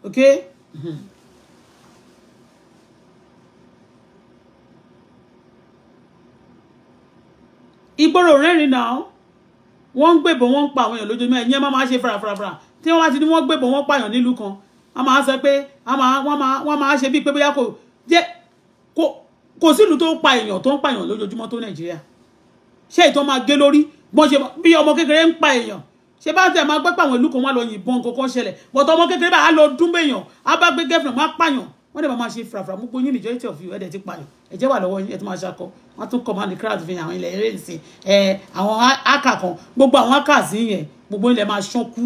okay. Mm-hmm. ìgboro rẹ́rìn náà wọ́n ń gbébọn wọ́n ń pa àwọn èèyàn lójoojúmọ́ ẹ̀yìn ẹ̀ máa ṣe farafara tí wọ́n bá ti ní wọ́n gbébọn wọ́n pààyàn nílùú kan a máa sọ pé wọ́n máa ṣe bíi pé bóyá kò jẹ́ kò sí ìlú tó ń pa èèyàn tó ń pa èèyàn lójoojúmọ́ tó nàìjíríà ṣé ìtàn máa gé lórí bọ́n ṣe bí ọmọ kékeré ń pa èèyàn ṣe bá tẹ̀ máa gbẹ́ pàwọn ìlú kan wá lọ yìnbọn nǹkan kan ṣẹlẹ̀ bọ̀tọ̀ ọmọ kékeré bá lọ dún bẹ́yàn á bá gbé gẹ́fìnà má pààyàn wọ́n dẹ̀ máa ṣe fìràfìrà gbogbo yín majority of you ẹ̀dẹ̀ ti pààyàn ẹ̀jẹ̀ wà lọ́wọ́ yín ẹ̀ tó máa ṣakọ wọ́n tún command crowd fi àwọn ilẹ̀ eré ìsìn ẹ̀ àwọn áàkà kan gbogbo àwọn áàkà sí yẹn gbogbo ilẹ̀ máa ṣánkú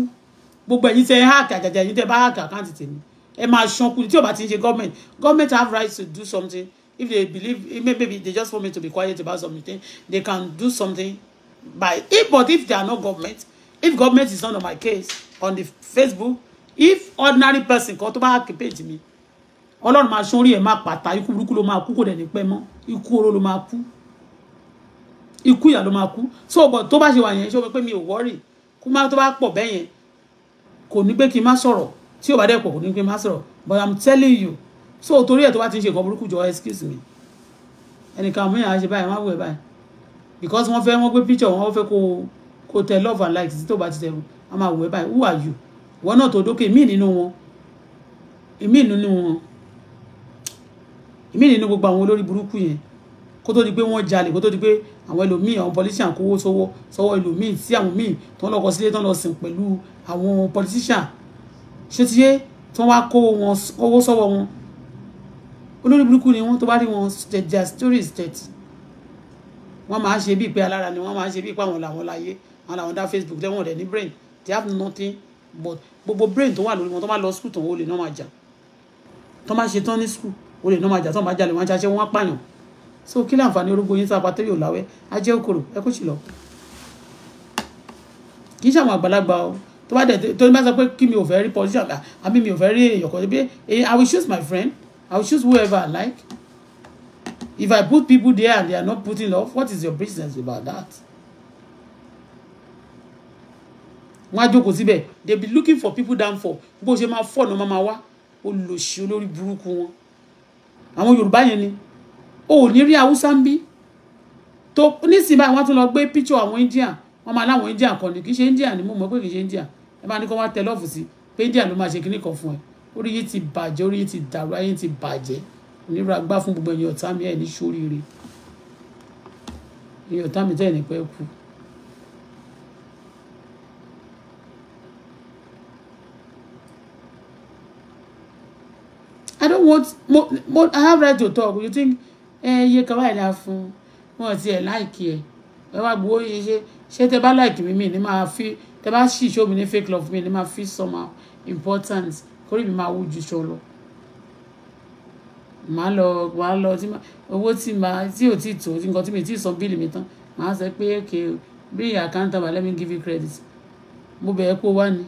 gbogbo ẹ̀yin tẹ áàkà àjàjà ẹ̀yin tẹ bá áàkà àkáǹtì tèmi ẹ máa ṣánkú tí ò bá ti ń ṣe government government have right to do something if they believe maybe they just want me to be quiet about something they can do something by if but if they are not government if government is not on my case on the Facebook if ordinary person kan to bá page me, ọlọ́run máa ṣorí ẹ̀ máa pàtà ikú burúkú ló máa kú kò dẹ̀ ní pẹ́ mọ́ ikú oró ló máa kú ikú ìyà ló máa kú so but to bá ṣe wà yẹn ṣé o pé mi ò wọ́rì kó má tó bá pọ̀ bẹ́ẹ̀ yẹn kò ní pé kí n má sọ̀rọ̀ tí ò bá dẹ̀ pọ̀ kò ní pé má but I'm telling you so torí ẹ̀ tó bá ti ń ṣe nǹkan burúkú jọ excuse me ẹnìkan àmúyàn á ṣe báyìí má wù ẹ báyìí because wọ́n fẹ́ wọ́n gbé picture wọ́n fẹ́ kó kó tẹ love and like tó bá ti tẹ wọ́n máa wù ẹ báyìí who are you wọ́n náà tó dókè mí nínú wọn èmi nínú wọn èmi nínú gbogbo àwọn olórí burúkú yẹn kó tó di pé wọ́n jalè kó tó di pé àwọn ẹlòmíì àwọn politician kówó sọ́wọ́ sọ́wọ́ ẹlòmíì tí àwọn míì tó ń lọkọ sílé tó ń lọ sìn pẹ̀lú àwọn politician ṣé ti yé wá kó wọn owó sọ́wọ́ wọn olórí burúkú ni wọ́n tó bá rí wọn their stories tẹ̀tì wọ́n máa ń ṣe bíi pé alára ni wọ́n máa ń ṣe bíi pé àwọn làwọn láyé àwọn làwọn dá Facebook lẹ́wọ̀n rẹ̀ ní brain they have nothing but gbogbo brain tó wà lórí wọn tó bá lọ school tán olè náà máa jà tó bá ṣe tán ní school olè náà máa jà tó bá jalè wọn ṣaṣẹ́ wọn pààyàn so kí láǹfààní orógbó yín sábà tẹ́lẹ̀ òláwẹ́ ajẹ́ okòrò ẹ kó sì lọ. kì í ṣàwọn àgbàlagbà o tó bá dẹ̀ tó ní bá sọ pé kí mi ò fẹ́ rí politician àbí mi ò fẹ́ rí èèyàn kan ṣe bí eh, I will choose my friend I'll choose whoever I like. If I put people there and they are not putting love, what is your business about that? Wọ́n á jókòó síbẹ̀. They be looking for people down for. Bó ṣe máa fọ̀ náà máa wá. Olùlòṣì olórí burúkú wọn. Àwọn Yorùbá yẹn ni. O ò ní rí Haúsá ń bí. Tó nísìnyí báyìí wọ́n tún lọ gbé picture àwọn Indian. Wọ́n máa láwọn Indian kan ni. Kì í ṣe ni mo mọ̀ pé kì í ṣe Indian. Ẹ máa ní kó wá tẹ lọ́ọ̀fù orí ti bàjẹ́ orí ti dàrú ayé ti bàjẹ́ onírúurú agbá fún gbogbo ẹ̀yin ọ̀tá mi ẹ̀ ní sóríire ẹ̀yin ọ̀tá mi tẹ̀ ní pẹ́ kú. I don't want mo mo I have right to talk you think ẹ eh, iye kan báyìí la fún wọn ti ẹ̀ láìkí ẹ̀ ẹ wá gbowó yìí ṣe ṣé tẹ bá láìkí mi mi ni máa fi tẹ bá ṣì ṣó mi ní fake love mi ni máa fi somehow important torí mi máa wú ju ṣọ lọ màá lọ wàá lọ tí owó tí màá tí ò tí tó nǹkan tí mi tí san bíìlì mi tán màá sọ pé èké bí àkáǹtà wà let me give you credit mo bẹ̀rẹ̀ kó wá ni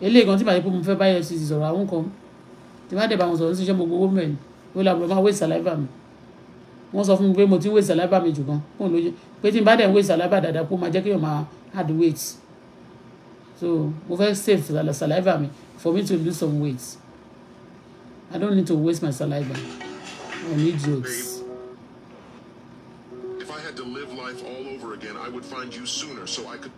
eléyìí kan tí màá yẹ pé mo fẹ́ bá EFCC sọ̀rọ̀ àwọn kan tí bá dẹ̀ bá wọn sọ̀rọ̀ ní ṣiṣẹ́ mo gbowó mẹ́rin ó lọ àbúrò máa wé saliva mi wọ́n sọ fún mi pé mo ti wé saliva mi jù gan pé tí n bá dẹ̀ ń wé saliva dáadáa kó máa jẹ́ kéèyàn máa add weight so mo fẹ́ save saliva mi for me to lose some weight I don't need to waste my saliva on idiots. If I had to live life all over again, I would find you sooner so I could.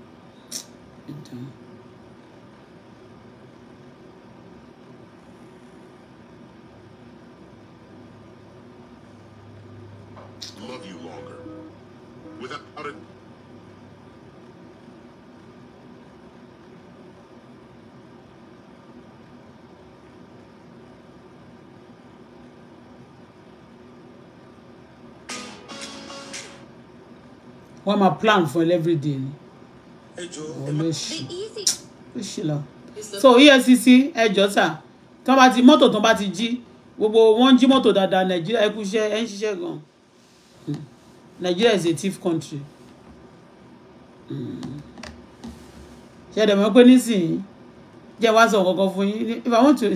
What my plan for every day? so EFCC ẹjọ́ sà tí wọ́n bá ti mọ́tò tí wọ́n bá ti jí gbogbo wọ́n jí mọ́tò dáadáa Nigeria. ẹ kú iṣẹ́ ẹ ń gan hmm. nàìjíríà is a thief country hmm. ṣe ẹ̀dẹ̀ mọ́ pé nísìnyí jẹ́ wá sọ kankan fún yín if i want to *laughs*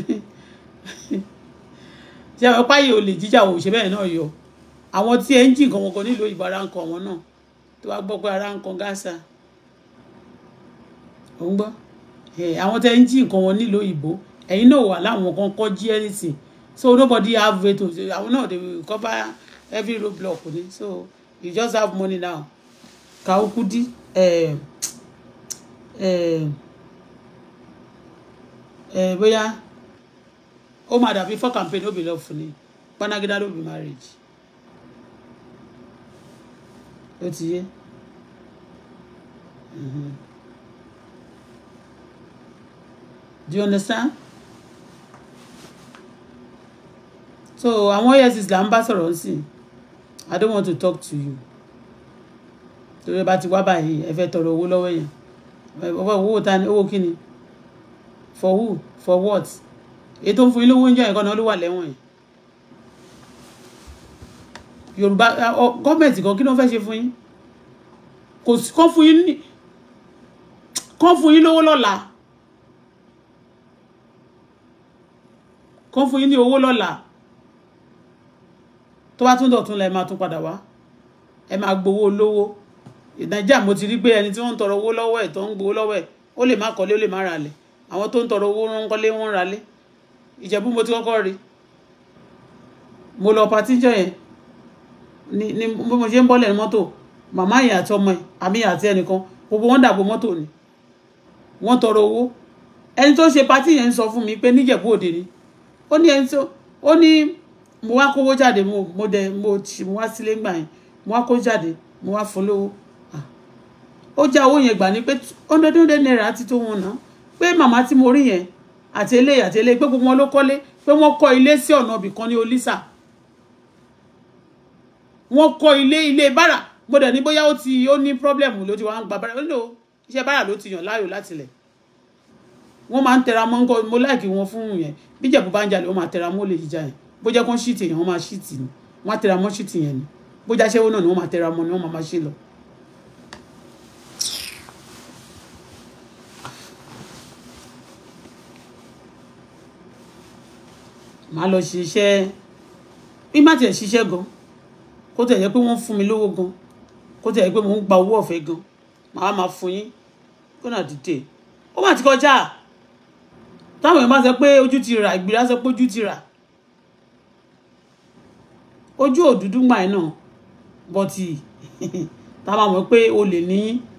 ṣe ẹ̀mọ́ páyé olè jíjà wò ṣe bẹ́ẹ̀ náà yọ àwọn tí ẹ ń jìn kankan nílùú ìbára ń kọ wọn náà tó wá gbọ́ pé ara ń kan gáàsà ò ń gbọ́ eh, àwọn tẹ́ ń jí nǹkan wọn ẹ̀yin náà wà láwọn kan kọ́ jí so nobody have way to àwọn náà dey cover every road block ni so you just have money now eh, eh, bóyá ó máa dàbí campaign ó bí love ni ló marriage. ó ti yé mhm. do you understand so àwọn EFCC là ń bá sọ̀rọ̀ ń sìn I don't want to talk to you torí ẹ bá ti wá báyìí ẹ fẹ́ tọrọ owó lọ́wọ́ yẹn ọwọ́ owó ta ni owó kí for who for what ètò ń fún yín lówó oúnjẹ ẹ̀kọ́ náà ló wà lẹ́wọ̀n yìí yorùbá gọ́ọ̀mẹ̀ntì kan kí ló ń fẹ́ ṣe fún yín kò sí kán fún yín kán fún yín lówó lọ́la kán fún yín ní owó lọ́la tó bá tún dọ̀tún la ẹ máa tún padà wá ẹ máa gbowó olówó nàìjíríà mo ti rí pé ẹni tí wọ́n ń tọrọ owó lọ́wọ́ ẹ̀ tó ń gbowó lọ́wọ́ ẹ̀ ó lè má kọ́lé ó lè má ra lẹ̀ àwọn tó ń tọrọ owó ń kọ́lé wọ́n ń ra lẹ̀ ìjẹ̀bú mo ti kọ́kọ́ rí mo lọ patí jọ yẹn ni bí mo ṣe ń bọ́lẹ̀ ní mọ́tò màmá yẹn àti ọmọ yẹn àmì àti ẹnìkan gbogbo wọn dàbò mọ́tò ni wọ́n tọrọ owó ẹni tó ṣe patí yẹn ń sọ fún mi pé níjẹ̀bú òde ni ó ní ẹni tó ó ní mo wá kówó jáde mo mo dẹ mo tì mo wá sílé ńgbà yẹn mo wá kó jáde mo wá fún lówó ó já owó yẹn gbà ní pé hundred hundred naira ti tó wọn náà pé màmá tí mo rí yẹn àti eléyìí àti eléyìí pé gbogbo wọn ló kọ́lé pé wọ́n kọ́ ilé sí ọ̀nà ibìkan ní olísà wọ́n kọ́ ilé ilé bára gbọ́dọ̀ ní bóyá ó ti ó ní problem ló ti wá ń gba bára ó lò iṣẹ́ bára ló ti yàn láàyò láti lẹ̀ wọ́n máa ń tẹra mọ́ nǹkan mo láìkí wọn fún yẹn bí Ìjẹ̀bú bá ń jalè wọ́n máa tẹra mọ́ olè jíjà yẹn bó jẹ́ kó ń ṣìtì yẹn wọ́n máa ṣìtì ni wọ́n á tẹra mọ́ ṣìtì yẹn ni bó jẹ́ náà ni wọ́n máa tẹra mọ́ ni wọ́n máa ṣe lọ. màá lọ ṣiṣẹ́ bí má tiẹ̀ ṣiṣẹ́ gan-an kó tẹ̀ jẹ́ pé wọ́n ń fún mi lówó gan kó tẹ̀ jẹ́ pé mò ń gba owó ọ̀fẹ́ gan màá máa fún yín kó náà dìde ó mà ti kọjá táwọn èèyàn bá sọ pé ojú ti ojú ti rà ojú *laughs* a mọ̀ pé ní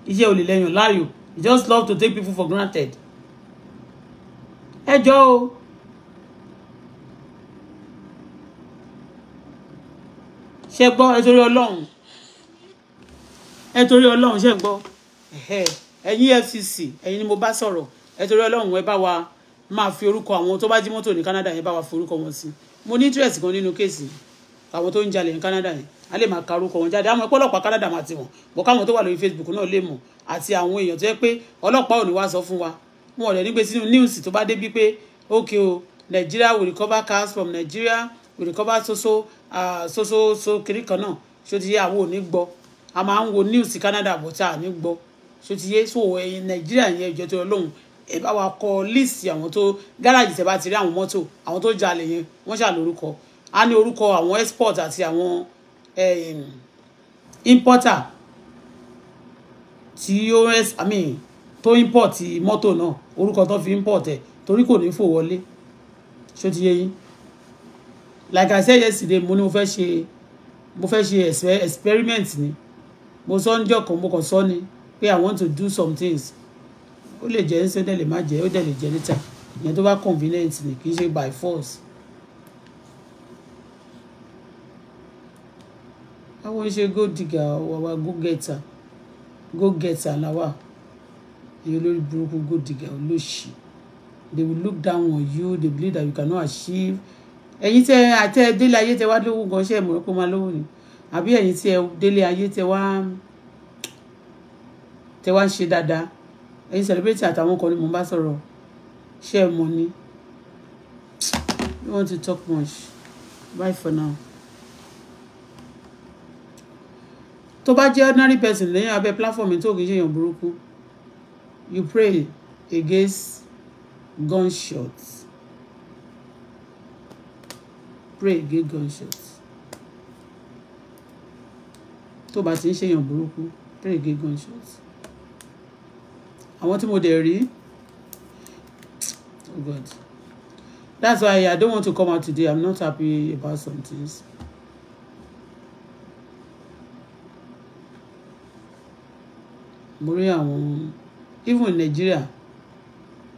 iṣẹ́ lẹ́yìn láàyò you just love to take people ṣe gbọ́ ẹ torí ọlọ́run ẹ torí ọlọ́run ṣe gbọ́ ẹ̀yin FCC ẹ̀yin ni mo bá sọ̀rọ̀ ẹ torí ọlọ́run ẹ bá wa máa fi orúkọ àwọn tó bá jí mọ́tò ní Canada ẹ bá wa fi orúkọ wọn sí mo ní interest kan nínú kéèsì àwọn tó ń jalè ní Canada yẹn a lè máa ka orúkọ wọn jáde àwọn ẹgbẹ́ ọlọ́pàá Canada máa ti mọ̀ bọ́ káwọn tó wà lórí Facebook náà lè mọ̀ àti àwọn èèyàn tó yẹ pé ọlọ́pàá ò ní wá sọ fún wa wọn ò lè nígbè sínú news tó bá débi pé okay o Nigeria will recover cars from Nigeria will recover so so sososo kiri kan náà ṣó ti yé àwọn ò ní gbọ́ a máa ń wo news Canada but a ní gbọ́ ṣó ti yé so ẹ̀yin Nàìjíríà yẹn ìjọ tó lóhùn ẹ bá wa kọ list àwọn tó gáràjì tẹ bá ti rí àwọn mọ́tò àwọn tó jalè yẹn wọ́n ṣà lórúkọ a ní orúkọ àwọn export àti àwọn importer tí ó i mean tó import mọ́tò náà orúkọ tó fi import ẹ̀ torí kò ní fò wọlé ṣó ti yé like i said yesterday mo ní mo fẹ́ ṣe mo fẹ́ ṣe experiment ni mo sọ ní ọkàn mo kàn sọ ni pé i want to do some things ó lè jẹ́ ṣé ó dẹ̀ lè má jẹ́ ó dẹ̀ lè jẹ́ níta ìyẹn tó bá convenient ni kì í ṣe by force. àwọn ṣe go digger wàwà go getter go getter làwà èyí olórí burúkú go digger olóṣì they will look down on you they believe that you cannot achieve ẹ̀yin tẹ àtẹ délé ayé tẹ wá lówó gan ṣe mọ̀ pé máa lówó ni àbí ẹ̀yin tẹ délé ayé tẹ wá tẹ wá ń ṣe dáadáa ẹ̀yin celebrate àtàwọn kan ni mo bá sọ̀rọ̀ ṣe mọ̀ ni you want to talk much bye for now. tó bá jẹ́ ordinary person lẹ́yìn abẹ́ platform tó kì í ṣe èèyàn burúkú you pray against gunshots pray gay gunshot tó bá ti ń ṣèyàn burúkú pray gay gunshot àwọn tí mo dẹ̀ rí oh god that's why i don't want to come out today i'm not happy about some things. mo rí àwọn even in Nigeria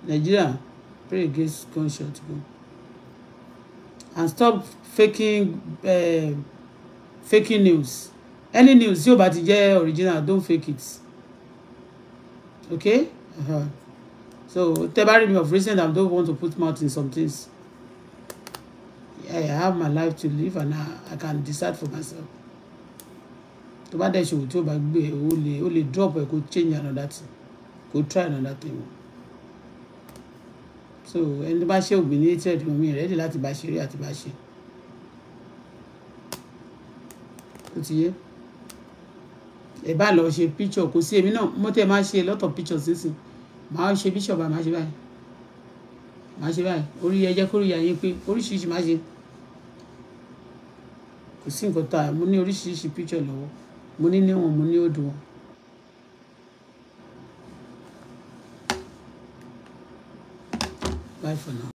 Nigeria pray against gunshot go and stop faking uh, faking news any news tí o bá ti jẹ́ original don't fake it okay uh-huh. so tẹ́ bá rí of recent i don't want to put mouth in some things yeah, i have my life to live and i, I can decide for myself tó bá dẹ̀ ṣòwò tí o bá gbé o e, lè o lè drop ẹ̀ kó change another thing kó try another thing so ẹni tó bá ṣe ògbìnítẹ̀ tó mi rẹ́dì láti bá ṣeré àti bá ṣe ó ti yé ẹ bá lọ ṣe picture kò sí èmi náà mo tẹ máa ṣe lọ́tọ̀ picture sísìn màá ṣe picture bá màá ṣe báyìí màá ṣe báyìí orí ẹjẹ kórìíyá yín pé oríṣiríṣi màá ṣe kò sí nǹkan tá a mo ní oríṣiríṣi picture lọ́wọ́ mo ní níwọ̀n mo ní òdùwọ̀n 奶粉。